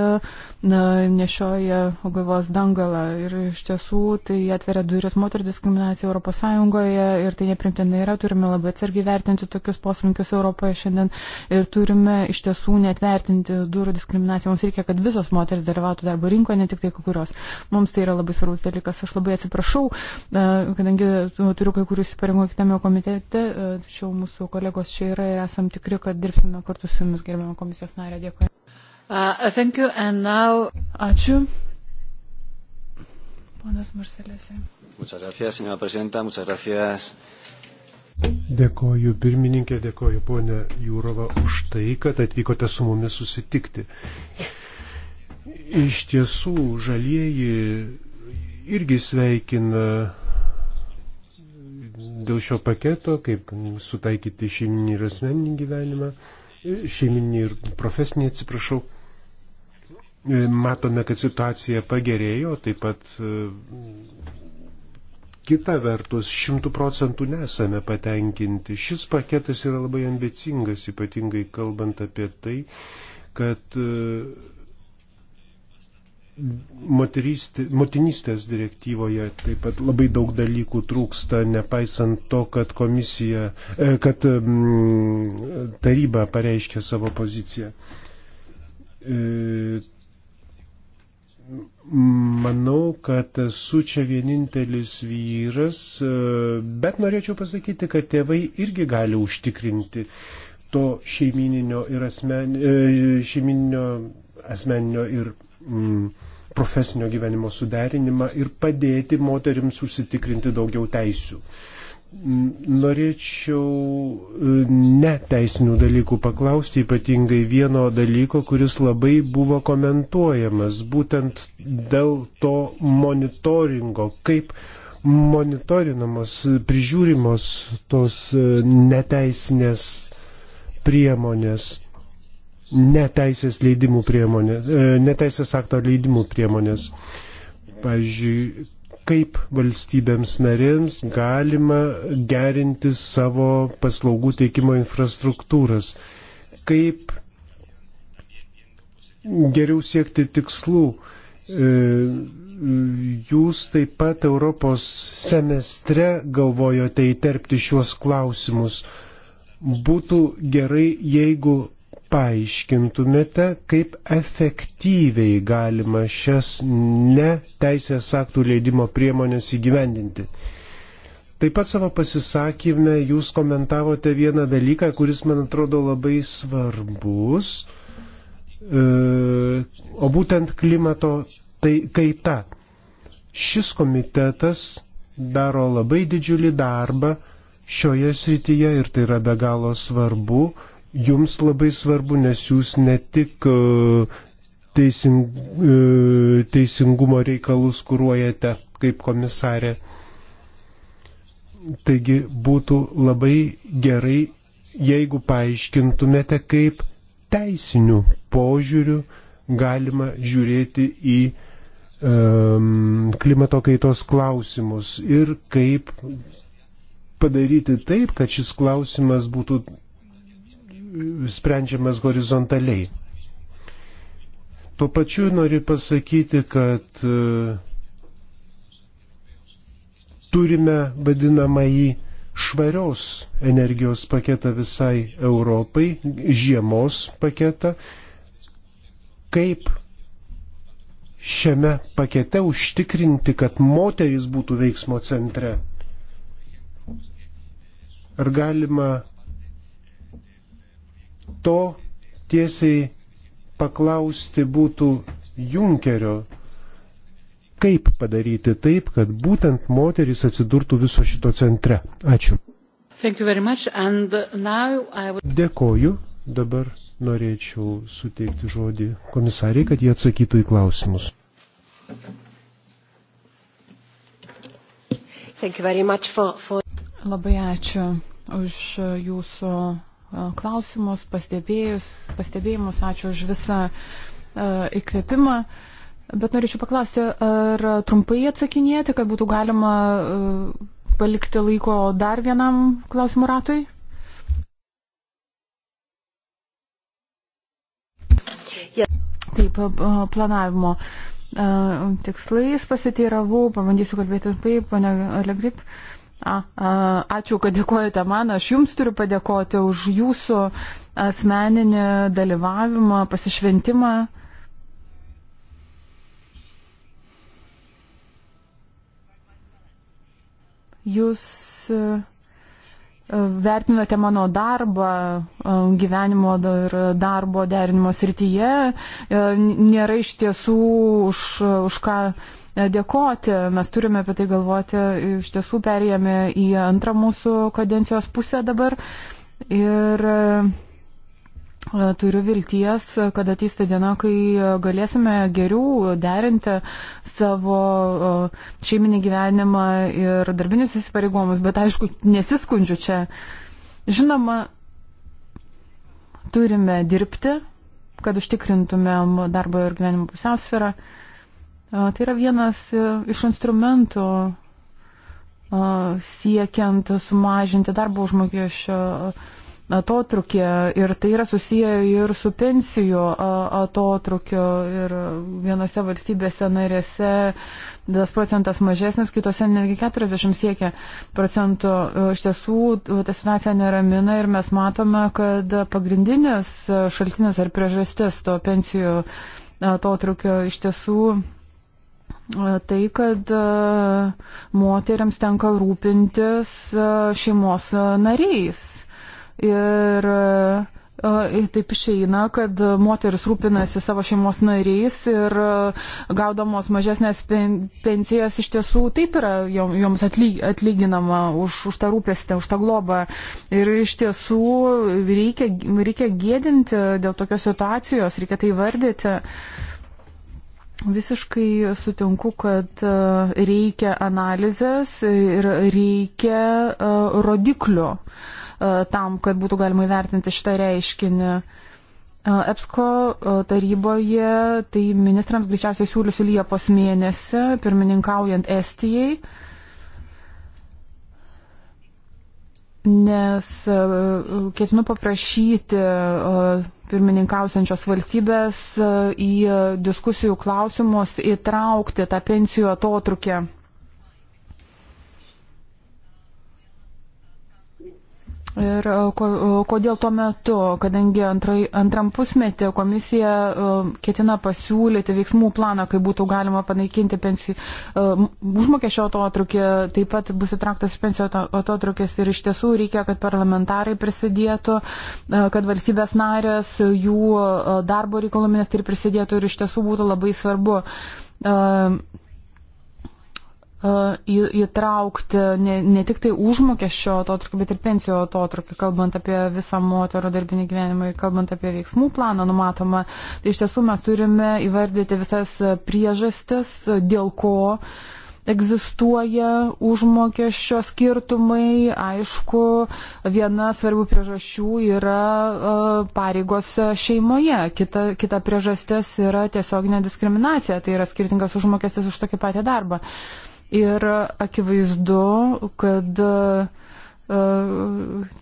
S2: na, nešioja galvos dangalą. Ir iš tiesų tai atveria duris moterų diskriminacijai ES ir tai neprimtinai yra. Turime labai atsargiai vertinti tokius poslinkius Europoje šiandien ir turime iš tiesų netvertinti durų diskriminaciją. Mums reikia, kad visos moteris dalyvautų darbo rinkoje, ne tik tai kurios. Mums tai yra labai svarbus dalykas. Aš labai atsiprašau, e, kadangi turiu kai kurių įsipareigojimų kitame komitete, tačiau mūsų kolegos čia yra ir esam tikri tikiu, kad dirbsime kartu su jumis, gerbiamo komisijos narė. Dėkui. Uh, now... Ačiū. Ponas Marcelėse.
S5: Dėkoju pirmininkė, dėkoju ponė Jūrova už tai, kad atvykote su mumis susitikti. Iš tiesų, žalieji irgi sveikina dėl šio paketo, kaip sutaikyti šeiminį ir asmeninį gyvenimą, e, šeiminį ir profesinį atsiprašau. E, matome, kad situacija pagerėjo, taip pat e, kita vertus šimtų procentų nesame patenkinti. Šis paketas yra labai ambicingas, ypatingai kalbant apie tai, kad uh, motinystės direktyvoje taip pat labai daug dalykų trūksta, nepaisant to, kad komisija, e, kad mm, taryba pareiškė savo poziciją. E, manau, kad esu čia vienintelis vyras, e, bet norėčiau pasakyti, kad tėvai irgi gali užtikrinti to šeimininio ir asmen, šeimininio, asmeninio ir mm, profesinio gyvenimo suderinimą ir padėti moteriams užsitikrinti daugiau teisių. Mm, norėčiau e, ne teisinių dalykų paklausti, ypatingai vieno dalyko, kuris labai buvo komentuojamas, būtent dėl to monitoringo, kaip monitorinamos, prižiūrimos tos e, neteisinės priemonės neteisės leidimų priemonės, e, neteisės akto leidimų priemonės. Pavyzdžiui, kaip valstybėms narėms galima gerinti savo paslaugų teikimo infrastruktūras, kaip geriau siekti tikslų. E, jūs taip pat Europos semestre galvojote įterpti šiuos klausimus. Būtų gerai, jeigu paaiškintumėte, kaip efektyviai galima šias ne teisės aktų leidimo priemonės įgyvendinti. Taip pat savo pasisakymę jūs komentavote vieną dalyką, kuris man atrodo labai svarbus, e, o būtent klimato tai kaita. Šis komitetas daro labai didžiulį darbą šioje srityje ir tai yra be galo svarbu, jums labai svarbu, nes jūs ne tik e, teising, e, teisingumo reikalus kūruojate kaip komisarė. Taigi būtų labai gerai, jeigu paaiškintumėte, kaip teisinių požiūrių galima žiūrėti į um, klimato kaitos klausimus ir kaip padaryti taip, kad šis klausimas būtų sprendžiamas horizontaliai. Tuo pačiu noriu pasakyti, kad e, turime vadinamąjį švarios energijos paketą visai Europai, žiemos paketą, kaip šiame pakete užtikrinti, kad moteris būtų veiksmo centre. Ar galima to tiesiai paklausti būtų Junkerio, kaip padaryti taip, kad būtent moteris atsidurtų viso šito centre. Ačiū. Would... Dėkoju. Dabar norėčiau suteikti žodį komisariai, kad jie atsakytų į klausimus.
S2: For, for... Labai ačiū už jūsų klausimus, pastebėjimus. Ačiū už visą įkvėpimą. Bet norėčiau paklausti, ar trumpai atsakinėti, kad būtų galima palikti laiko dar vienam klausimų ratui? Taip, planavimo tikslais pasiteiravau, pabandysiu kalbėti trumpai, ponia Legrip. Uh, A, a, ačiū, kad dėkojate man, aš jums turiu padėkoti už jūsų asmeninį dalyvavimą, pasišventimą. Jūs. Uh, vertinote mano darbą e, gyvenimo ir darbo derinimo srityje. E, nėra iš tiesų už, už ką e, dėkoti. Mes turime apie tai galvoti. Iš tiesų perėjame į antrą mūsų kadencijos pusę dabar. Ir E, turiu vilties, kad ateis ta diena, kai galėsime geriau derinti savo e, šeiminį gyvenimą ir darbinius įsipareigomus, bet aišku, nesiskundžiu čia. Žinoma, turime dirbti, kad užtikrintumėm darbo ir gyvenimo pusiausvyrą. E, tai yra vienas iš instrumentų siekiant sumažinti darbo užmokesčio atotrukė ir tai yra susiję ir su pensijų atotrukio ir vienose valstybėse narėse tas procentas mažesnis, kitose netgi 40 siekia procentų. Iš tiesų, ta situacija neramina ir mes matome, kad pagrindinis šaltinis ar priežastis to pensijų atotrukio iš tiesų tai, kad moteriams tenka rūpintis šeimos nariais. Ir e, Taip išeina, kad moteris rūpinasi savo šeimos nariais ir e, gaudamos mažesnės pensijas iš tiesų taip yra joms atlyginama už, už tą rūpestį, už tą globą. Ir iš tiesų reikia, reikia gėdinti dėl tokios situacijos, reikia tai vardyti. Visiškai sutinku, kad e, reikia analizės ir reikia rodiklių. Uh, E, tam, kad būtų galima įvertinti šitą reiškinį. E, EPSCO e, taryboje tai ministrams greičiausiai siūlysiu Liepos mėnesį, pirmininkaujant Estijai, nes ketinu paprašyti pirmininkausiančios valstybės į diskusijų klausimus įtraukti tą pensijų atotrukę Ir e, e, kodėl tuo metu, kadangi antrai, antram pusmetį komisija e, ketina pasiūlyti veiksmų planą, kaip būtų galima panaikinti pensijų užmokesčio atotrukį, taip pat bus įtraktas pensijų atotrukis ir iš tiesų reikia, kad parlamentarai prisidėtų, kad valstybės narės, jų darbo reikalų ministrai prisidėtų ir iš tiesų būtų labai svarbu E, įtraukti ne, ne tik tai užmokesčio atotrukį, bet ir pensijų atotrukį, kalbant apie visą moterų darbinį gyvenimą ir kalbant apie veiksmų planą numatomą. Tai iš tiesų mes turime įvardyti visas priežastis, dėl ko egzistuoja užmokesčio skirtumai. Aišku, viena svarbių priežasčių yra e, pareigos šeimoje, kita, kita priežastis yra tiesioginė diskriminacija, tai yra skirtingas užmokestis už tokį patį darbą. Uh, Ir akivaizdu, kad e,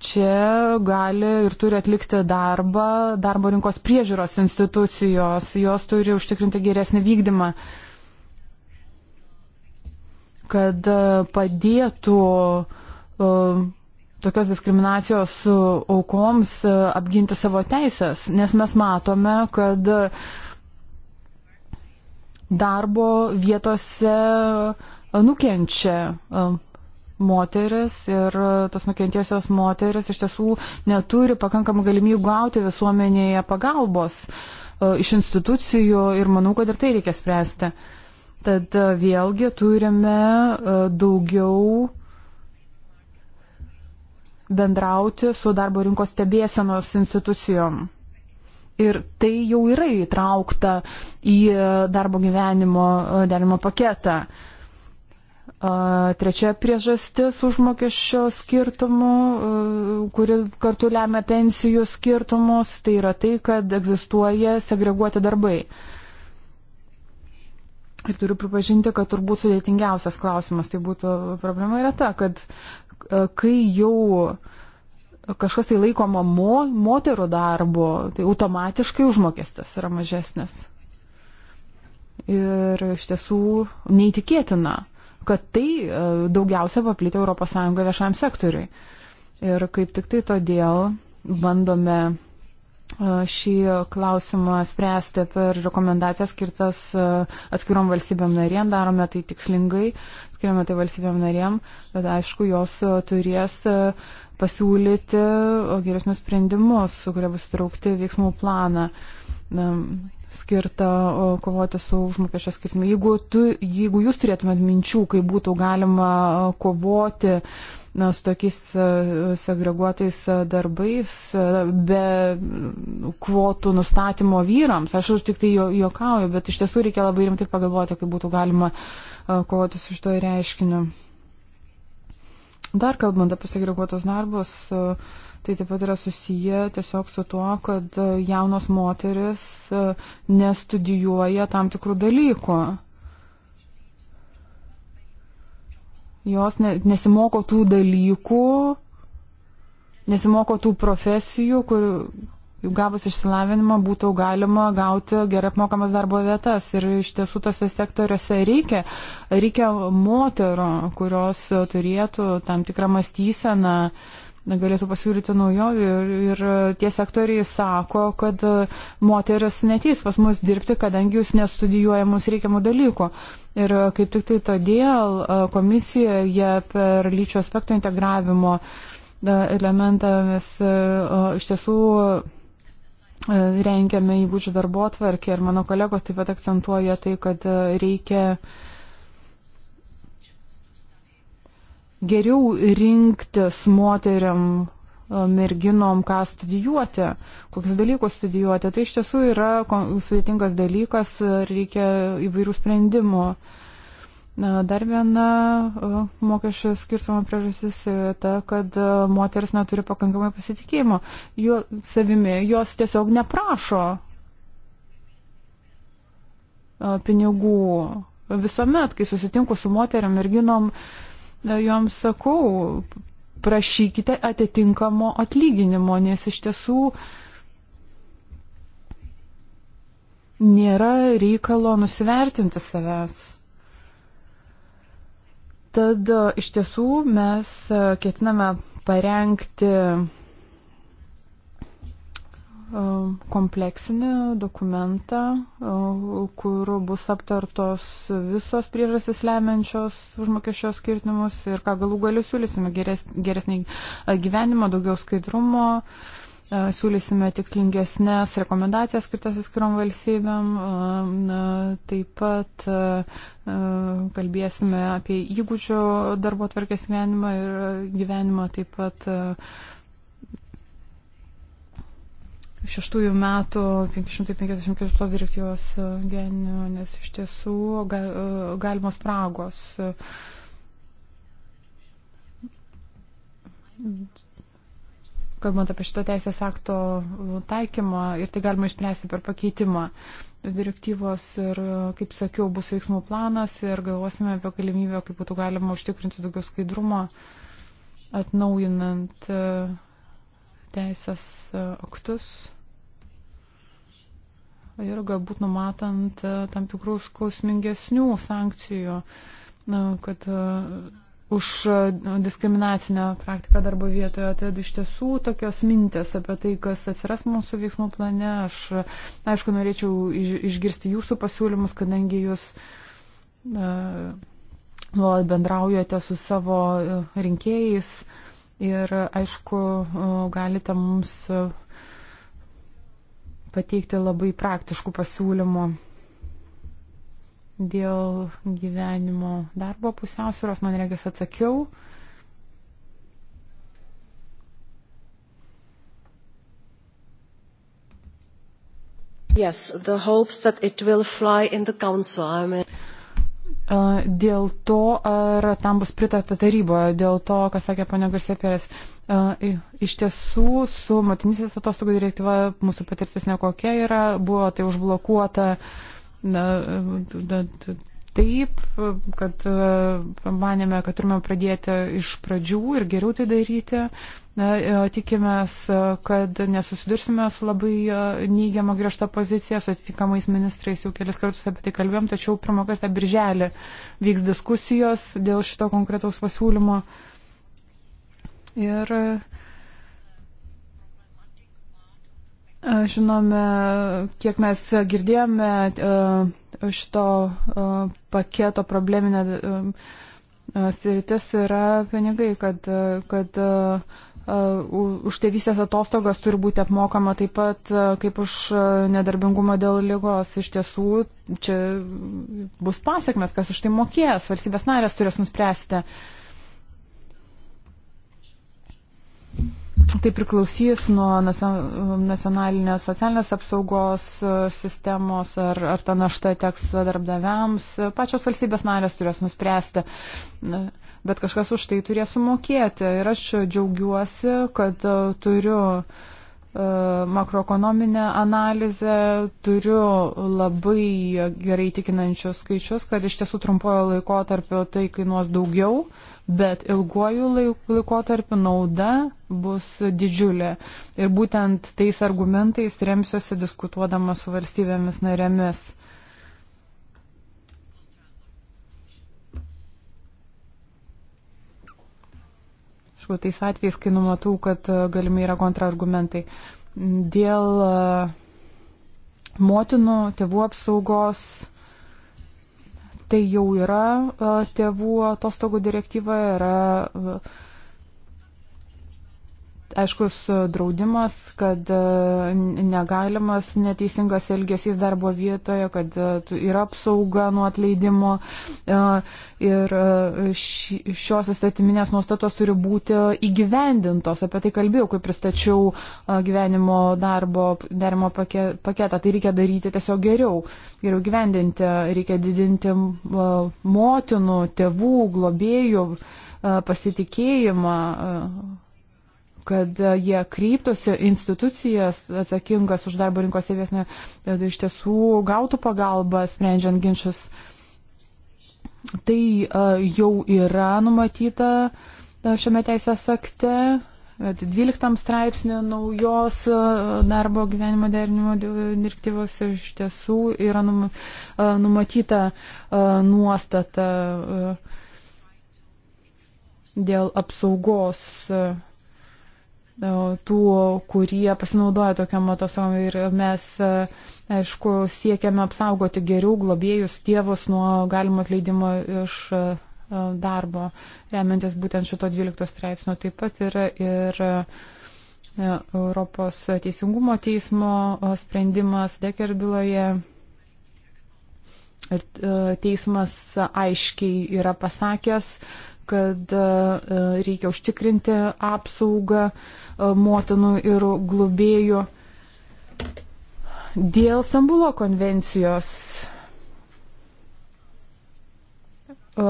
S2: čia gali ir turi atlikti darbą darbo rinkos priežiūros institucijos, jos turi užtikrinti geresnį vykdymą, kad padėtų e, tokios diskriminacijos aukoms e, apginti savo teisės, nes mes matome, kad darbo vietose nukenčia moteris ir tos nukentėjusios moteris iš tiesų neturi pakankamų galimybių gauti visuomenėje pagalbos iš institucijų ir manau, kad ir tai reikia spręsti. Tad vėlgi turime daugiau bendrauti su darbo rinkos stebėsenos institucijom. Ir tai jau yra įtraukta į darbo gyvenimo derimo paketą. Uh, Trečia priežastis užmokesčio skirtumų, e, kuri kartu lemia pensijų skirtumus, tai yra tai, kad egzistuoja segreguoti darbai. Ir turiu pripažinti, kad turbūt sudėtingiausias klausimas, tai būtų problema yra ta, kad e, kai jau kažkas tai laikoma mo, moterų darbo, tai automatiškai užmokestis yra mažesnis. Ir iš tiesų neįtikėtina kad tai e, daugiausia paplitė ES viešajam sektoriui. Ir kaip tik tai todėl bandome e, šį klausimą spręsti per rekomendacijas skirtas e, atskirom valstybėm narėm, darome tai tikslingai, skiriame tai valstybėm narėm, bet aišku, jos turės pasiūlyti geresnius sprendimus, kurie bus traukti veiksmų planą skirta kovoti su užmokesčio skirtimu. Jeigu, tu, jeigu jūs turėtumėt minčių, kaip būtų galima kovoti na, su tokiais e, segreguotais e, darbais e, be kvotų nustatymo vyrams, aš už tik tai juokauju, bet iš tiesų reikia labai rimtai pagalvoti, kaip būtų galima kovoti su šito reiškiniu. Dar kalbant apie segreguotus darbus, uh, Tai taip pat yra susiję tiesiog su tuo, kad e, jaunos moteris e, nestudijuoja tam tikrų dalykų. Jos ne, nesimoko tų dalykų, nesimoko tų profesijų, kur jau gavus išsilavinimą būtų galima gauti gerai apmokamas darbo vietas. Ir iš tiesų tose sektoriuose reikia, reikia moterų, kurios turėtų tam tikrą mąstyseną. Uh, galėtų pasiūlyti naujovių ir, ir tie sektoriai sako, kad moteris neteis pas mus dirbti, kadangi jūs nestudijuoja mums reikiamų dalykų. Ir kaip tik tai todėl e, komisijoje per lyčio aspekto integravimo e, elementą mes e, iš tiesų rengiame įgūdžių darbo atvarkį ir mano kolegos taip pat akcentuoja tai, kad reikia uh, geriau rinktis moteriam e, merginom, ką studijuoti, kokius dalykus studijuoti. Tai iš tiesų yra sudėtingas dalykas, e, reikia įvairių sprendimų. Dar viena e, mokesčio skirtumo priežastis yra ta, kad moteris neturi pakankamai pasitikėjimo jo, savimi, jos tiesiog neprašo pinigų. Visuomet, kai susitinku su moteriam, merginom, uh, joms sakau, prašykite atitinkamo atlyginimo, nes iš tiesų nėra reikalo nusivertinti savęs. Tad e, iš tiesų mes e, ketiname parengti kompleksinį dokumentą, kur bus aptartos visos priežastys lemiančios užmokesčio skirtimus ir ką galų galiu siūlysime geres, geresnį gyvenimą, daugiau skaidrumo, e, siūlysime tikslingesnės rekomendacijas skirtas įskirom valstybėm, taip pat e, e, kalbėsime apie įgūdžių darbo tvarkės gyvenimą ir gyvenimą taip pat šeštųjų metų 554 direktyvos e, genio, nes iš tiesų e, galimos spragos. Kalbant apie šito teisės akto taikymą ir tai galima išspręsti per pakeitimą direktyvos ir, kaip sakiau, bus veiksmų planas ir galvosime apie galimybę, kaip būtų galima užtikrinti daugiau skaidrumo, atnaujinant uh, teisės e, aktus ir galbūt numatant e, tam tikrų skausmingesnių sankcijų, kad e, už diskriminacinę praktiką darbo vietoje. Tai iš tiesų tokios mintis apie tai, kas atsiras mūsų veiksmų plane. Aš, aišku, norėčiau išgirsti jūsų pasiūlymus, kadangi jūs nuolat bendraujate su savo rinkėjais. Uh, Ir aišku, galite mums pateikti labai praktiškų pasiūlymų dėl gyvenimo darbo pusiausvėros, man reikia atsakiau.
S1: Yes, the hopes that it will fly in the council. I mean...
S2: Dėl to, ar tam bus pritarta taryboje, dėl to, kas sakė ponia Garsėpėrės, iš tiesų su motinysės atostogų direktyva mūsų patirtis nekokia yra, buvo tai užblokuota na, taip, kad e, manėme, kad turime pradėti iš pradžių ir geriau tai daryti. E, tikimės, kad nesusidursime su labai e, neigiama griežta pozicija, su atitinkamais ministrais jau kelis kartus apie tai kalbėjom, tačiau pirmą kartą birželį vyks diskusijos dėl šito konkretaus pasiūlymo. Ir uh, Žinome, kiek mes girdėjome šito paketo probleminę sritis yra pinigai, kad, kad už tėvysės atostogas turi būti apmokama taip pat kaip už nedarbingumą dėl lygos. Iš tiesų, čia bus pasiekmes, kas už tai mokės, valstybės narės turės nuspręsti. Uh, tai priklausys nuo nacionalinės socialinės apsaugos e, sistemos, ar, ar ta našta teks darbdaviams. Pačios valstybės narės turės nuspręsti, bet kažkas už tai turės sumokėti. Ir aš džiaugiuosi, kad e, turiu e, makroekonominę analizę, turiu labai gerai tikinančius skaičius, kad iš tiesų trumpojo laiko tarp tai kainuos daugiau. Uh, bet ilguoju laikotarpiu nauda bus didžiulė. Ir būtent tais argumentais remsiuosi diskutuodama su valstybėmis narėmis. Šku, tais atvejais, kai numatau, kad e, galimai yra kontraargumentai. Dėl e, motinų, tėvų apsaugos tai jau yra e, tėvų atostogų direktyva, yra e, aiškus draudimas, kad e, negalimas neteisingas elgesys darbo vietoje, kad e, yra apsauga nuo atleidimo e, ir šios įstatyminės nuostatos turi būti įgyvendintos. Apie tai kalbėjau, kai pristačiau gyvenimo darbo derimo paketą. Tai reikia daryti tiesiog geriau, geriau gyvendinti, reikia didinti motinų, tėvų, globėjų pasitikėjimą kad e, jie kryptųsi institucijas atsakingas už darbo rinkos įvesnį, kad e, iš tiesų gautų pagalbą sprendžiant ginčius. Tai e, jau yra numatyta šiame teisės akte, 12 straipsnio naujos darbo gyvenimo derinimo direktyvos iš tiesų yra numatyta nuostata dėl apsaugos tų, kurie pasinaudoja tokiam atostogom ir mes, e, aišku, siekiame apsaugoti geriau globėjus tėvus nuo galimo atleidimo iš e, e, darbo, remiantis būtent šito 12 straipsnio. Taip pat yra ir Europos teisingumo teismo sprendimas Deker byloje. Ir teismas aiškiai yra pasakęs, kad e, reikia užtikrinti apsaugą e, motinų ir globėjų. Dėl Stambulo konvencijos e,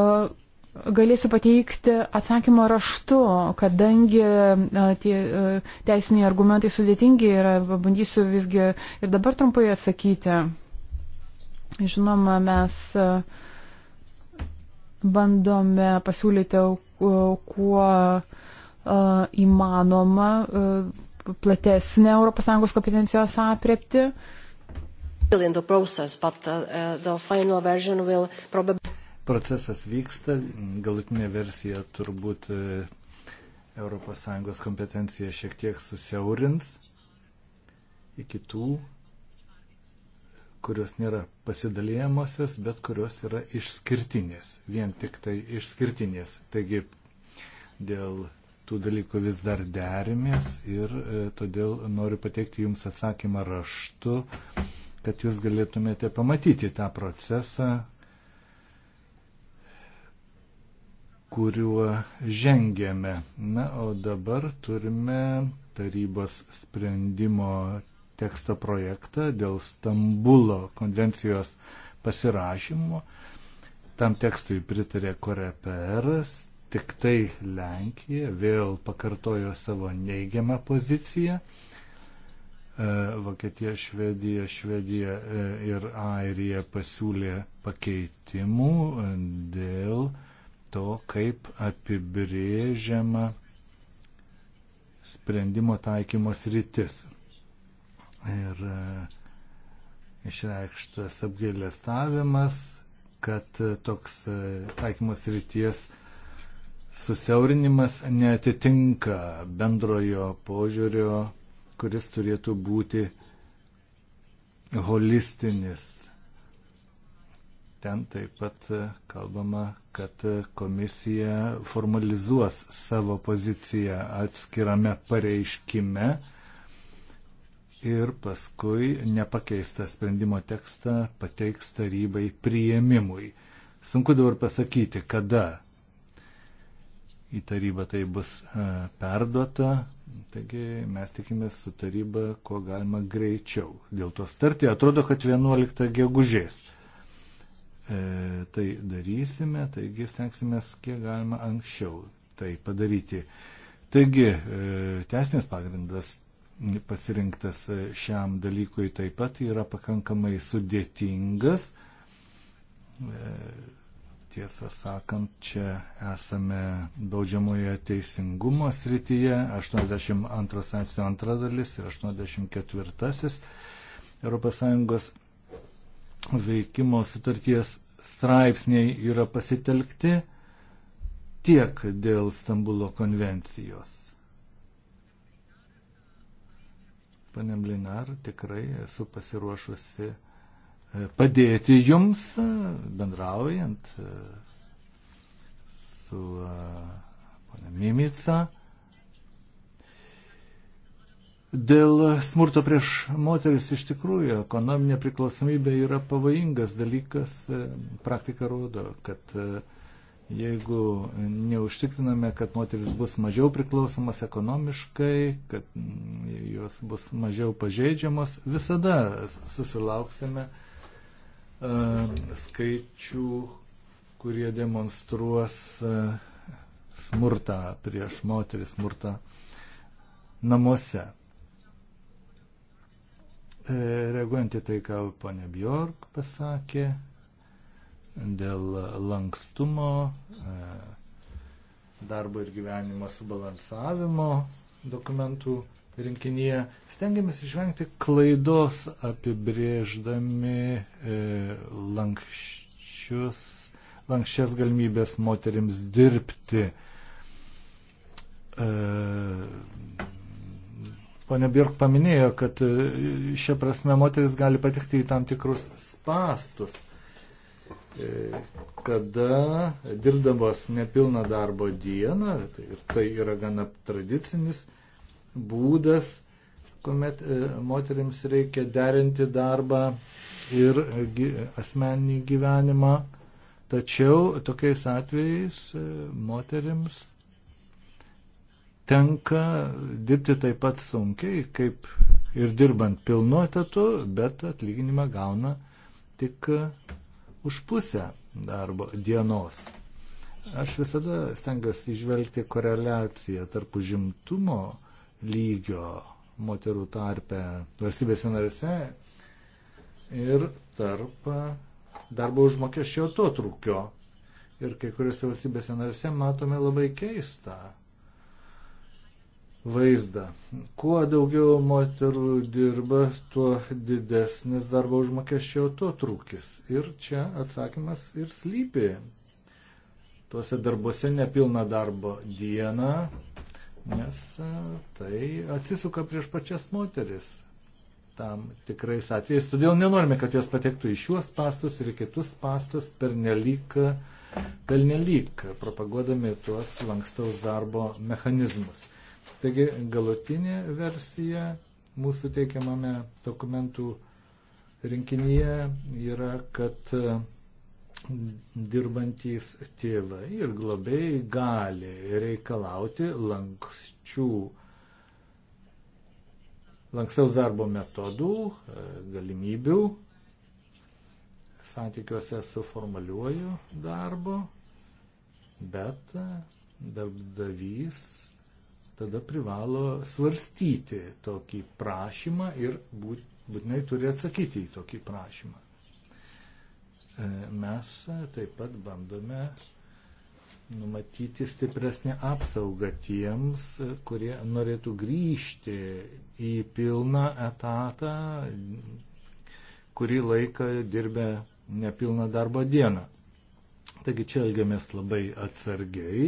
S2: galėsiu pateikti atsakymą raštu, kadangi tie teisiniai argumentai sudėtingi yra, bandysiu visgi ir dabar trumpai atsakyti. Žinoma, mes uh, bandome pasiūlyti kuo įmanoma platesnę ES kompetencijos apriepti.
S4: Uh, Procesas vyksta, galutinė versija turbūt e, ES kompetenciją šiek tiek susiaurins iki tų kurios nėra pasidalijamosios, bet kurios yra išskirtinės, vien tik tai išskirtinės. Taigi dėl tų dalykų vis dar derimės ir e, todėl noriu pateikti Jums atsakymą raštu, kad Jūs galėtumėte pamatyti tą procesą, kuriuo žengėme. Na, o dabar turime tarybos sprendimo teksto projektą dėl Stambulo konvencijos pasirašymo. Tam tekstui pritarė Koreperas, tik tai Lenkija vėl pakartojo savo neigiamą poziciją. E, Vokietija, Švedija, Švedija e, ir Airija pasiūlė pakeitimų e, dėl to, kaip apibrėžiama sprendimo taikymos rytis ir e, išreikštas apgailestavimas, kad e, toks e, taikymos ryties susiaurinimas netitinka bendrojo požiūrio, kuris turėtų būti holistinis. Ten taip pat kalbama, kad komisija formalizuos savo poziciją atskirame pareiškime ir paskui nepakeistą sprendimo tekstą pateiks tarybai prieimimui. Sunku dabar pasakyti, kada į tarybą tai bus e, perduota, taigi mes tikimės su taryba, kuo galima greičiau. Dėl to starti atrodo, kad 11 gegužės. E, tai darysime, taigi stengsime kiek galima anksčiau tai padaryti. Taigi, e, teisinės pagrindas pasirinktas šiam dalykui taip pat yra pakankamai sudėtingas. E, tiesą sakant, čia esame baudžiamoje teisingumo srityje 82 straipsnio antra dalis ir 84 ES veikimo sutarties straipsniai yra pasitelkti tiek dėl Stambulo konvencijos. Pane Blinar, tikrai esu pasiruošusi e, padėti jums e, bendraujant e, su pane Mimica. Dėl smurto prieš moteris iš tikrųjų ekonominė priklausomybė yra pavojingas dalykas. Praktika rodo, kad Jeigu neužtikriname, kad moteris bus mažiau priklausomas ekonomiškai, kad mm, jos bus mažiau pažeidžiamos, visada susilauksime uh, skaičių, kurie demonstruos uh, smurtą prieš moterį, smurtą namuose. E, reaguojant į tai, ką ponė Bjork pasakė, dėl lankstumo, e, darbo ir gyvenimo subalansavimo dokumentų rinkinyje. Stengiamės išvengti klaidos apibrėždami e, lankščius, lankščias galimybės moterims dirbti. E, Pane Birk paminėjo, kad šią prasme moteris gali patekti į tam tikrus spastus E, kada dirbdamas nepilną darbo dieną, tai ir tai yra gana tradicinis būdas, kuomet e, moteriams reikia derinti darbą ir asmeninį gyvenimą. Tačiau tokiais atvejais e, moteriams tenka dirbti taip pat sunkiai, kaip ir dirbant pilnu etatu, bet atlyginimą gauna tik už pusę darbo dienos. Aš visada stengiuosi išvelgti koreliaciją tarp užimtumo lygio moterų tarpe valstybėse narėse ir tarp darbo užmokesčio atotrūkio. Ir kai kuriuose valstybėse narėse matome labai keistą vaizdą. Kuo daugiau moterų dirba, tuo didesnis darbo užmokesčio to trūkis. Ir čia atsakymas ir slypi. Tuose darbuose nepilna darbo diena, nes e, tai atsisuka prieš pačias moteris tam tikrais atvejais. Todėl nenorime, kad jos patektų į šiuos pastus ir kitus pastus per nelik, per nelik propaguodami tuos lankstaus darbo mechanizmus. Taigi galutinė versija mūsų teikiamame dokumentų rinkinyje yra, kad mm, dirbantys tėvai ir globėjai gali reikalauti lankščių, lankstaus darbo metodų, galimybių santykiuose su formaliuoju darbu, bet darbdavys tada privalo svarstyti tokį prašymą ir būt, būtinai turi atsakyti į tokį prašymą. E, mes taip pat bandome numatyti stipresnę apsaugą tiems, kurie norėtų grįžti į pilną etatą, kurį laiką dirbę nepilną darbo dieną. Taigi čia elgiamės labai atsargiai,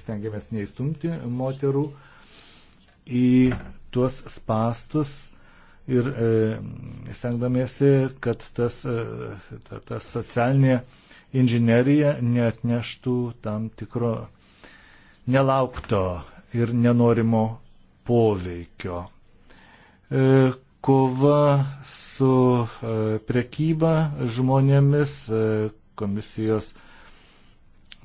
S4: stengiamės neįstumti moterų į tuos spastus ir e, stengdamėsi, kad tas, e, ta, ta socialinė inžinerija neatneštų tam tikro nelaukto ir nenorimo poveikio. E, kova su e, prekyba žmonėmis, e, komisijos e,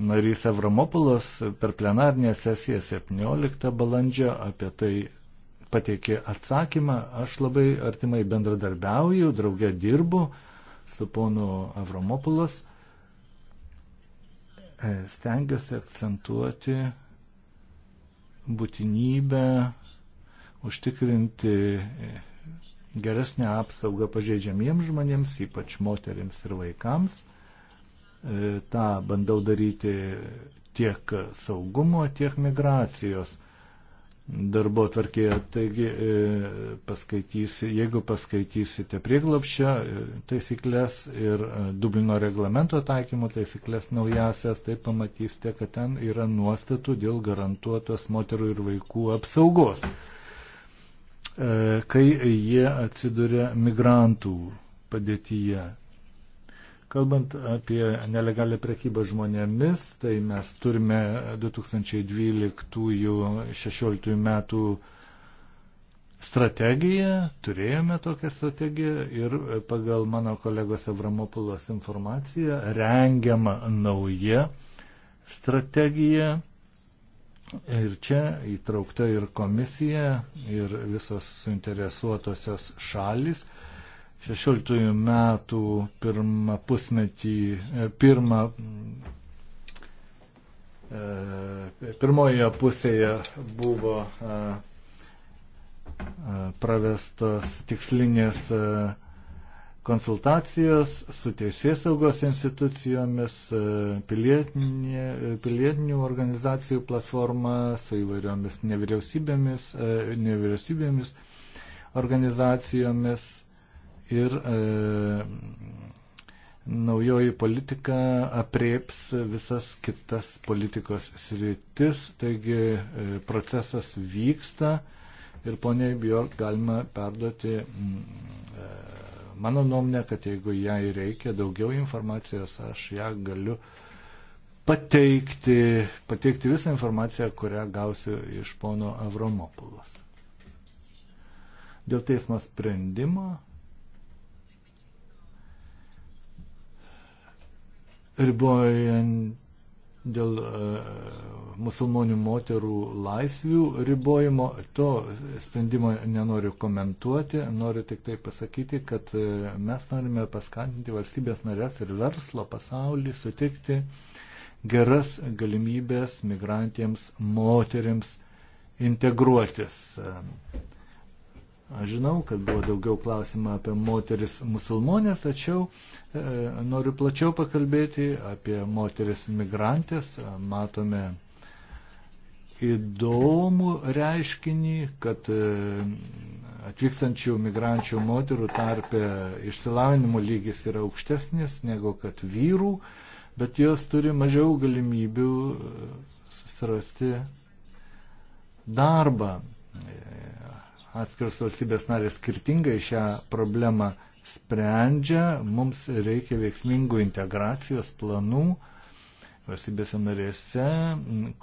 S4: narys Avramopulas per plenarnę sesiją 17 balandžio apie tai pateikė atsakymą. Aš labai artimai bendradarbiauju, draugė dirbu su ponu Avramopulas. E, stengiuosi akcentuoti būtinybę užtikrinti geresnę apsaugą pažeidžiamiems žmonėms, ypač moteriams ir vaikams. E, tą bandau daryti tiek saugumo, tiek migracijos darbo tvarkėje. Taigi, e, paskaitysi, jeigu paskaitysite prieglopščio e, taisyklės ir Dublino reglamento taikymo taisyklės naujasias, tai pamatysite, kad ten yra nuostatų dėl garantuotos moterų ir vaikų apsaugos, kai jie atsiduria migrantų padėtyje. Kalbant apie nelegalią prekybą žmonėmis, tai mes turime 2012-2016 metų strategiją, turėjome tokią strategiją ir pagal mano kolegos Avramopulos informaciją rengiama nauja strategija. Ir čia įtraukta ir komisija, ir visos suinteresuotosios šalis. 16 metų pirmą pusmetį, e, pirmą, e, pirmoje pusėje buvo e, pravestos tikslinės konsultacijos su teisėsaugos institucijomis, pilietinių organizacijų platforma, su įvairiomis nevyriausybėmis, nevyriausybėmis organizacijomis ir e, naujoji politika aprieps visas kitas politikos sritis, taigi e, procesas vyksta ir poniai Bjork galima perduoti e, mano nuomonę, kad jeigu jai reikia daugiau informacijos, aš ją galiu pateikti, pateikti visą informaciją, kurią gausiu iš pono Avromopulos. Dėl teismo sprendimo ribojant dėl e, musulmonių moterų laisvių ribojimo. To sprendimo nenoriu komentuoti, noriu tik tai pasakyti, kad e, mes norime paskatinti valstybės narės ir verslo pasaulį sutikti geras galimybės migrantiems moteriams integruotis. E, Aš žinau, kad buvo daugiau klausimą apie moteris musulmonės, tačiau e, noriu plačiau pakalbėti apie moteris migrantės. Matome įdomų reiškinį, kad e, atvykstančių migrančių moterų tarpe išsilavinimo lygis yra aukštesnis negu kad vyrų, bet jos turi mažiau galimybių e, susirasti darbą. E, atskirs valstybės narės skirtingai šią problemą sprendžia, mums reikia veiksmingų integracijos planų valstybėse narėse,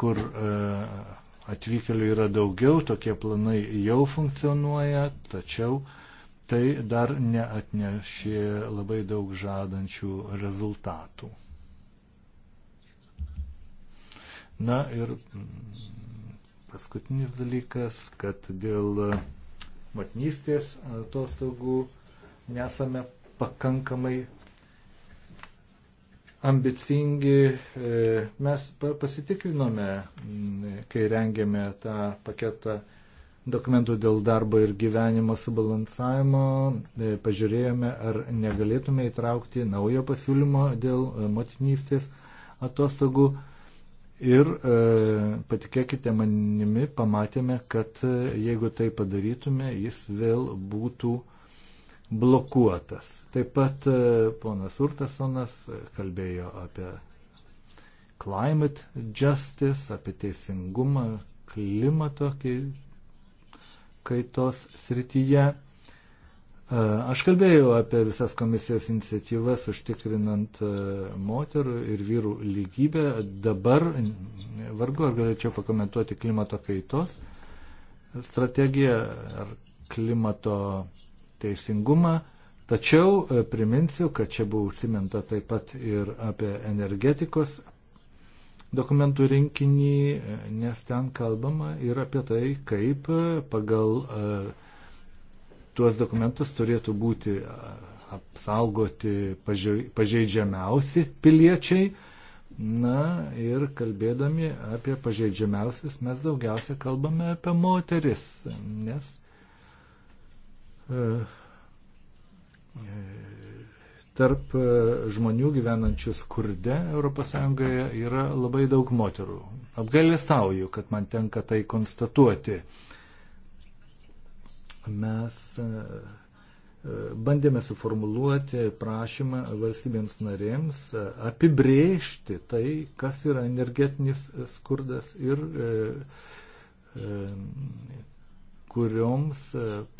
S4: kur e, atvykėlių yra daugiau, tokie planai jau funkcionuoja, tačiau tai dar neatnešė labai daug žadančių rezultatų. Na ir paskutinis dalykas, kad dėl motinystės atostogų nesame pakankamai ambicingi. E, mes pasitikrinome, kai rengėme tą paketą dokumentų dėl darbo ir gyvenimo subalansavimo, e, pažiūrėjome, ar negalėtume įtraukti naujo pasiūlymo dėl e, motinystės atostogų Ir e, patikėkite manimi, pamatėme, kad e, jeigu tai padarytume, jis vėl būtų blokuotas. Taip pat e, ponas Urtasonas e, kalbėjo apie climate justice, apie teisingumą klimato kaitos srityje. Aš kalbėjau apie visas komisijos iniciatyvas užtikrinant moterų ir vyrų lygybę. Dabar vargu ar galėčiau pakomentuoti klimato kaitos strategiją ar klimato teisingumą. Tačiau priminsiu, kad čia buvo užsiminta taip pat ir apie energetikos dokumentų rinkinį, nes ten kalbama ir apie tai, kaip pagal uh, tuos dokumentus turėtų būti apsaugoti pažeidžiamiausi piliečiai. Na ir kalbėdami apie pažeidžiamiausius mes daugiausia kalbame apie moteris, nes e, tarp e, žmonių gyvenančių skurde ES yra labai daug moterų. Apgailestauju, kad man tenka tai konstatuoti mes e, e, bandėme suformuluoti prašymą valstybėms narėms e, apibrėžti tai, kas yra energetinis skurdas ir kurioms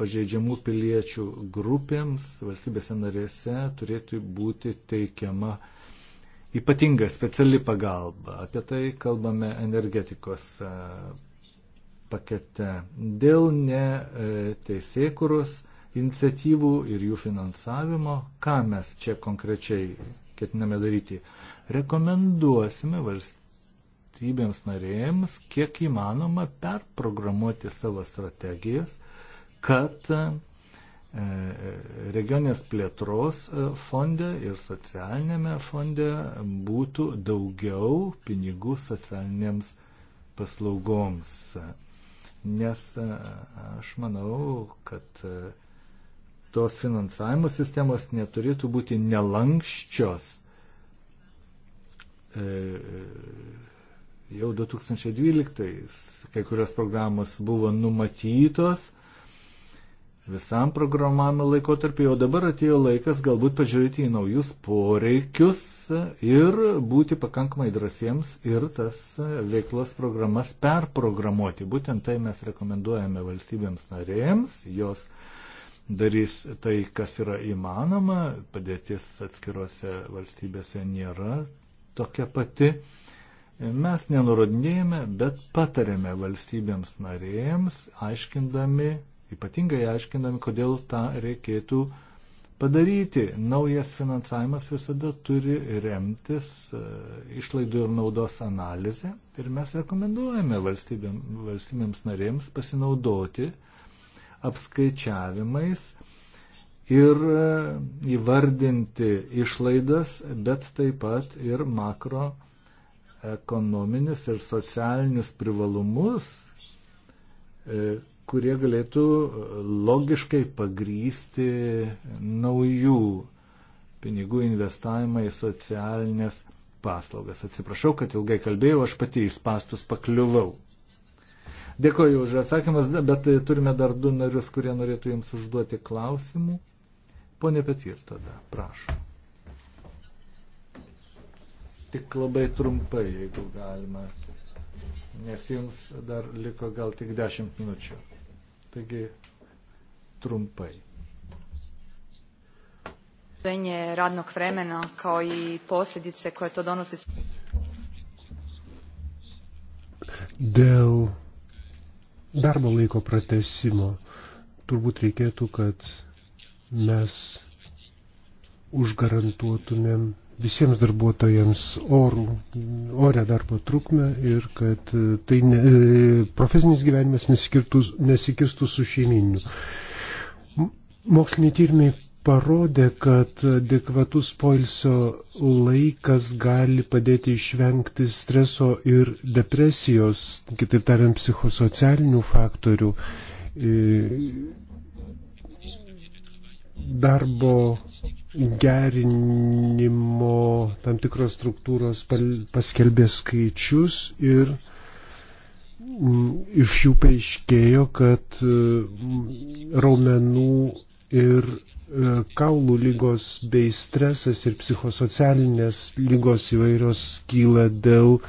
S4: pažeidžiamų piliečių grupėms valstybėse narėse turėtų būti teikiama ypatinga speciali pagalba. Apie tai kalbame energetikos pakete. Dėl neteisėkurus e, iniciatyvų ir jų finansavimo, ką mes čia konkrečiai ketiname daryti, rekomenduosime valstybėms narėjams, kiek įmanoma, perprogramuoti savo strategijas, kad e, regionės plėtros e, fonde ir socialinėme fonde būtų daugiau pinigų socialinėms paslaugoms nes e, aš manau, kad e, tos finansavimo sistemos neturėtų būti nelankščios. E, jau 2012 kai kurios programos buvo numatytos, visam programavimo laikotarpiu, o dabar atėjo laikas galbūt pažiūrėti į naujus poreikius ir būti pakankamai drąsiems ir tas veiklos programas perprogramuoti. Būtent tai mes rekomenduojame valstybėms narėms, jos darys tai, kas yra įmanoma, padėtis atskirose valstybėse nėra tokia pati. Mes nenurodinėjame, bet patarėme valstybėms narėjams, aiškindami, ypatingai aiškinami, kodėl tą reikėtų padaryti. Naujas finansavimas visada turi remtis e, išlaidų ir naudos analizė ir mes rekomenduojame valstybėm, valstybėms narėms pasinaudoti apskaičiavimais ir e, įvardinti išlaidas, bet taip pat ir makroekonominius ir socialinius privalumus E, kurie galėtų logiškai pagrysti naujų pinigų investavimą į socialinės paslaugas. Atsiprašau, kad ilgai kalbėjau, aš pati į spastus pakliuvau. Dėkoju už atsakymas, bet turime dar du narius, kurie norėtų jums užduoti klausimų. Pone Petir tada, prašau. Tik labai trumpai, jeigu galima nes jums dar liko gal tik 10 minučių. Taigi trumpai.
S2: radnog vremena kao i posljedice koje to donosi.
S5: Dėl darbo laiko pratesimo turbūt reikėtų, kad mes užgarantuotumėm visiems darbuotojams orų, orę darbo trukmę ir kad e, tai ne, e, profesinis gyvenimas nesikirstų su šeiminiu. Moksliniai tyrimai parodė, kad adekvatus poilsio laikas gali padėti išvengti streso ir depresijos, kitaip tariant, psichosocialinių faktorių. E, darbo gerinimo tam tikros struktūros paskelbė skaičius ir mm, iš jų paaiškėjo, kad mm, raumenų ir e, kaulų lygos bei stresas ir psichosocialinės lygos įvairios kyla dėl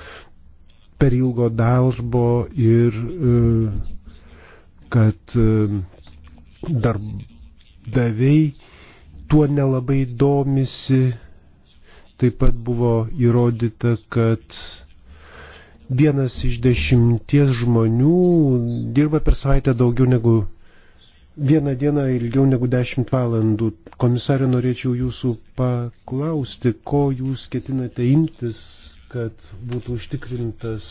S5: per ilgo darbo ir e, kad e, darbdaviai tuo nelabai domisi. Taip pat buvo įrodyta, kad vienas iš dešimties žmonių dirba per savaitę daugiau negu vieną dieną ilgiau negu dešimt valandų. Komisarė, norėčiau jūsų paklausti, ko jūs ketinate imtis, kad būtų užtikrintas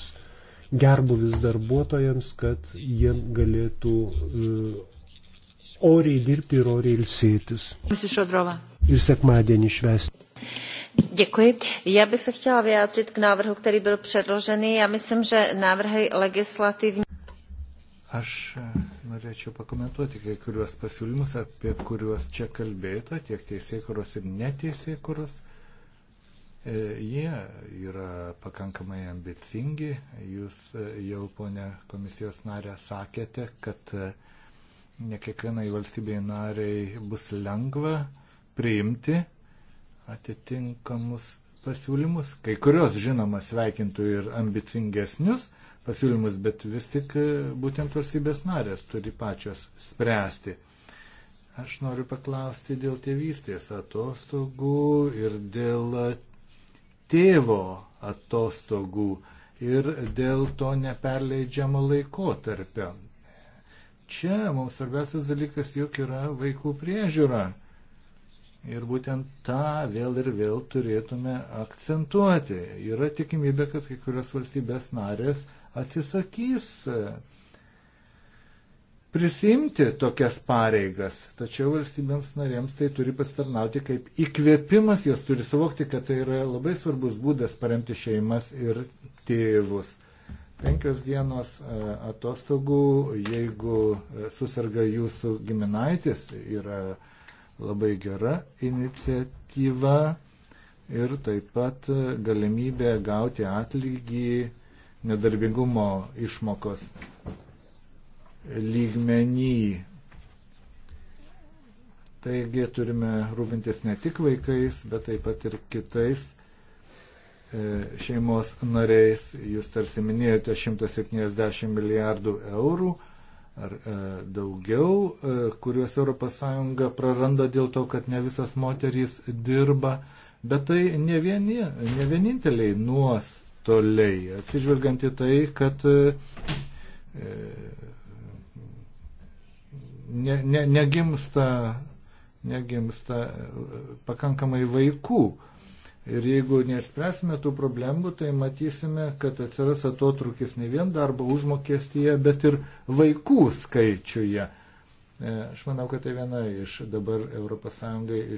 S5: gerbuvis darbuotojams, kad jie galėtų uh, oriai dirbti ir oriai ilsėtis. Ir sekmadienį švęsti.
S1: Děkuji. Já bych se chtěla vyjádřit k návrhu, který byl předložený. Já myslím, že návrhy legislativní.
S5: Aš e,
S4: norėčiau pakomentuoti kai kuriuos pasiūlymus, apie kuriuos čia kalbėta, tiek teisėkuros ir neteisėkuros. E, jie yra pakankamai ambicingi. Jūs e, jau, ponė komisijos narė, sakėte, kad ne kiekvienai valstybei nariai bus lengva priimti atitinkamus pasiūlymus. Kai kurios, žinoma, sveikintų ir ambicingesnius pasiūlymus, bet vis tik e, būtent valstybės narės turi pačios spręsti. Aš noriu paklausti dėl tėvystės atostogų ir dėl tėvo atostogų ir dėl to neperleidžiamo laikotarpio čia mums svarbiausias dalykas juk yra vaikų priežiūra. Ir būtent tą vėl ir vėl turėtume akcentuoti. Yra tikimybė, kad kai kurios valstybės narės atsisakys e, prisimti tokias pareigas, tačiau valstybėms narėms tai turi pasitarnauti kaip įkvėpimas, jos turi suvokti, kad tai yra labai svarbus būdas paremti šeimas ir tėvus penkios dienos e, atostogų, jeigu e, susirga jūsų giminaitis, yra labai gera iniciatyva ir taip pat e, galimybė gauti atlygį nedarbingumo išmokos lygmenį. Taigi turime rūpintis ne tik vaikais, bet taip pat ir kitais E, šeimos nariais. Jūs tarsi minėjote 170 milijardų eurų ar e, daugiau, e, kuriuos ES praranda dėl to, kad ne visas moterys dirba. Bet tai ne, vieni, ne vieninteliai nuostoliai, atsižvelgiant į tai, kad e, e ne, ne, negimsta, negimsta e, pakankamai vaikų. E, Ir jeigu nespręsime tų problemų, tai matysime, kad atsiras atotrukis ne vien darbo užmokestyje, bet ir vaikų skaičiuje. E, aš manau, kad tai viena iš dabar ES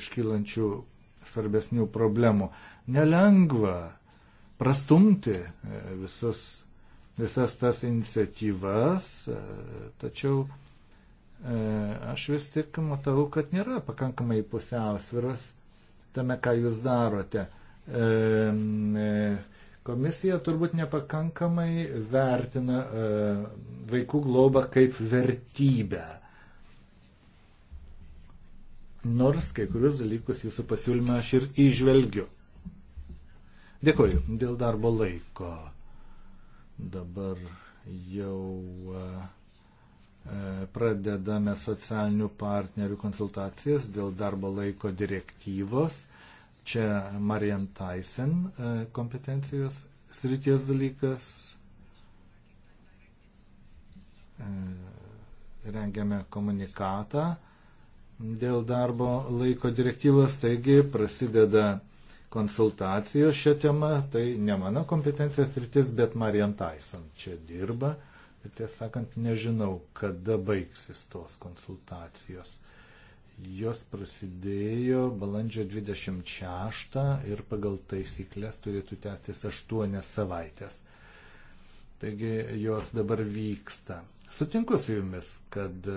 S4: iškylančių svarbesnių problemų. Nelengva prastumti e, visus, visas tas iniciatyvas, e, tačiau aš vis tik matau, kad nėra pakankamai pusiausviras tame, ką jūs darote E, komisija turbūt nepakankamai vertina e, vaikų globą kaip vertybę. Nors kai kurius dalykus jūsų pasiūlymą aš ir išvelgiu. Dėkuoju dėl darbo laiko. Dabar jau e, pradedame socialinių partnerių konsultacijas dėl darbo laiko direktyvos. Čia Marian Tyson e, kompetencijos srities dalykas. E, rengiame komunikatą dėl darbo laiko direktyvos, taigi prasideda konsultacijos šią temą. Tai ne mano kompetencijos rytis, bet Marian Tyson čia dirba. Ir tiesą sakant, nežinau, kada baigsis tos konsultacijos. Uh, Jos prasidėjo balandžio 26 ir pagal taisyklės turėtų tęstis 8 savaitės. Taigi jos dabar vyksta. Sutinku su jumis, kad e,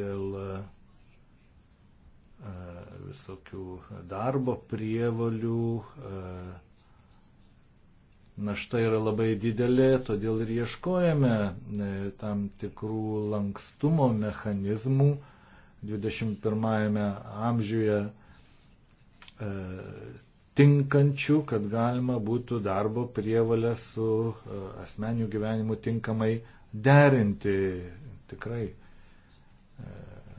S4: dėl e, visokių darbo prievalių e, našta yra labai didelė, todėl ir ieškojame tam tikrų lankstumo mechanizmų, 21 amžiuje e, tinkančių, kad galima būtų darbo prievalę su e, asmeniu gyvenimu tinkamai derinti. Tikrai e,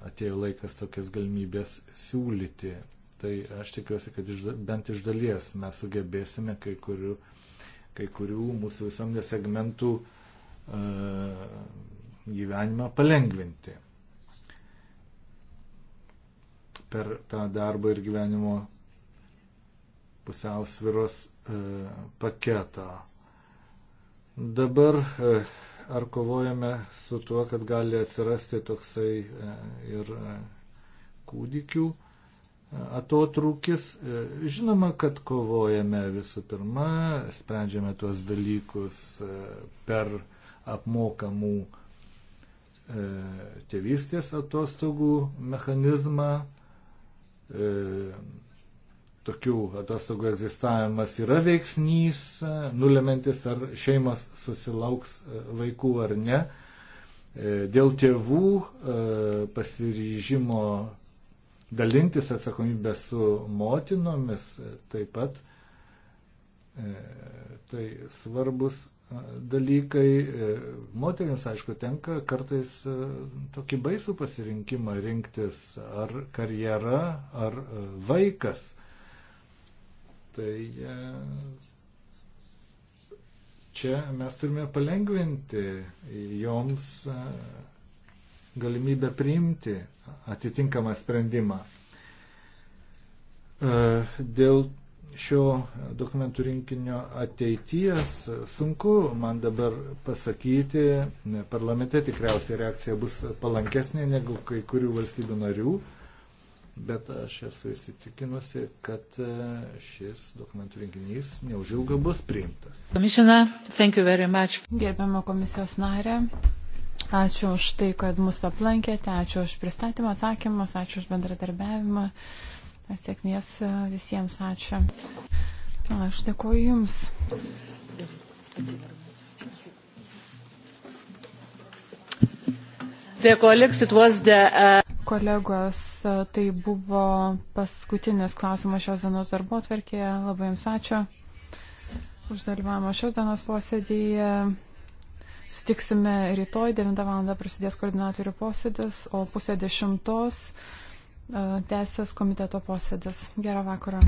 S4: atėjo laikas tokias galimybės siūlyti. Tai aš tikiuosi, kad iš, bent iš dalies mes sugebėsime kai kurių, kai kurių mūsų visuomenės segmentų e, gyvenimą palengvinti per tą darbo ir gyvenimo pusiausviros e, paketą. Dabar e, ar kovojame su tuo, kad gali atsirasti toksai e, ir kūdikių atotrūkis. Žinoma, kad kovojame visų pirma, sprendžiame tuos dalykus per apmokamų tėvystės atostogų mechanizmą, E, tokių atostogų egzistavimas yra veiksnys, e, nulemantis ar šeimas susilauks e, vaikų ar ne. Dėl tėvų pasiryžimo dalintis atsakomybę su motinomis taip pat tai svarbus dalykai. E, Moteriams, aišku, tenka kartais e, tokį baisų pasirinkimą rinktis ar karjera, ar e, vaikas. Tai čia mes turime palengventi joms galimybę priimti atitinkamą sprendimą. Dėl šio dokumentų rinkinio ateities sunku man dabar pasakyti. Parlamente tikriausiai reakcija bus palankesnė negu kai kurių valstybių narių, bet aš esu įsitikinusi, kad e, šis dokumentų rinkinys neužilgo bus priimtas.
S2: Gerbiamo komisijos narė. Ačiū už tai, kad mus aplankėte, ačiū už pristatymą atsakymus, ačiū už bendradarbiavimą. Sėkmės e, visiems, ačiū. Aš dėkuoju Jums. Uh, Kolegos, e, tai buvo paskutinis klausimas šios dienos darbo atverkėje. Labai Jums ačiū už dalyvavimą šios dienos posėdėje. Sutiksime rytoj, 9 val. prasidės koordinatorių posėdis, o pusė dešimtos. 10 Teisės komiteto posėdis. Gerą vakarą.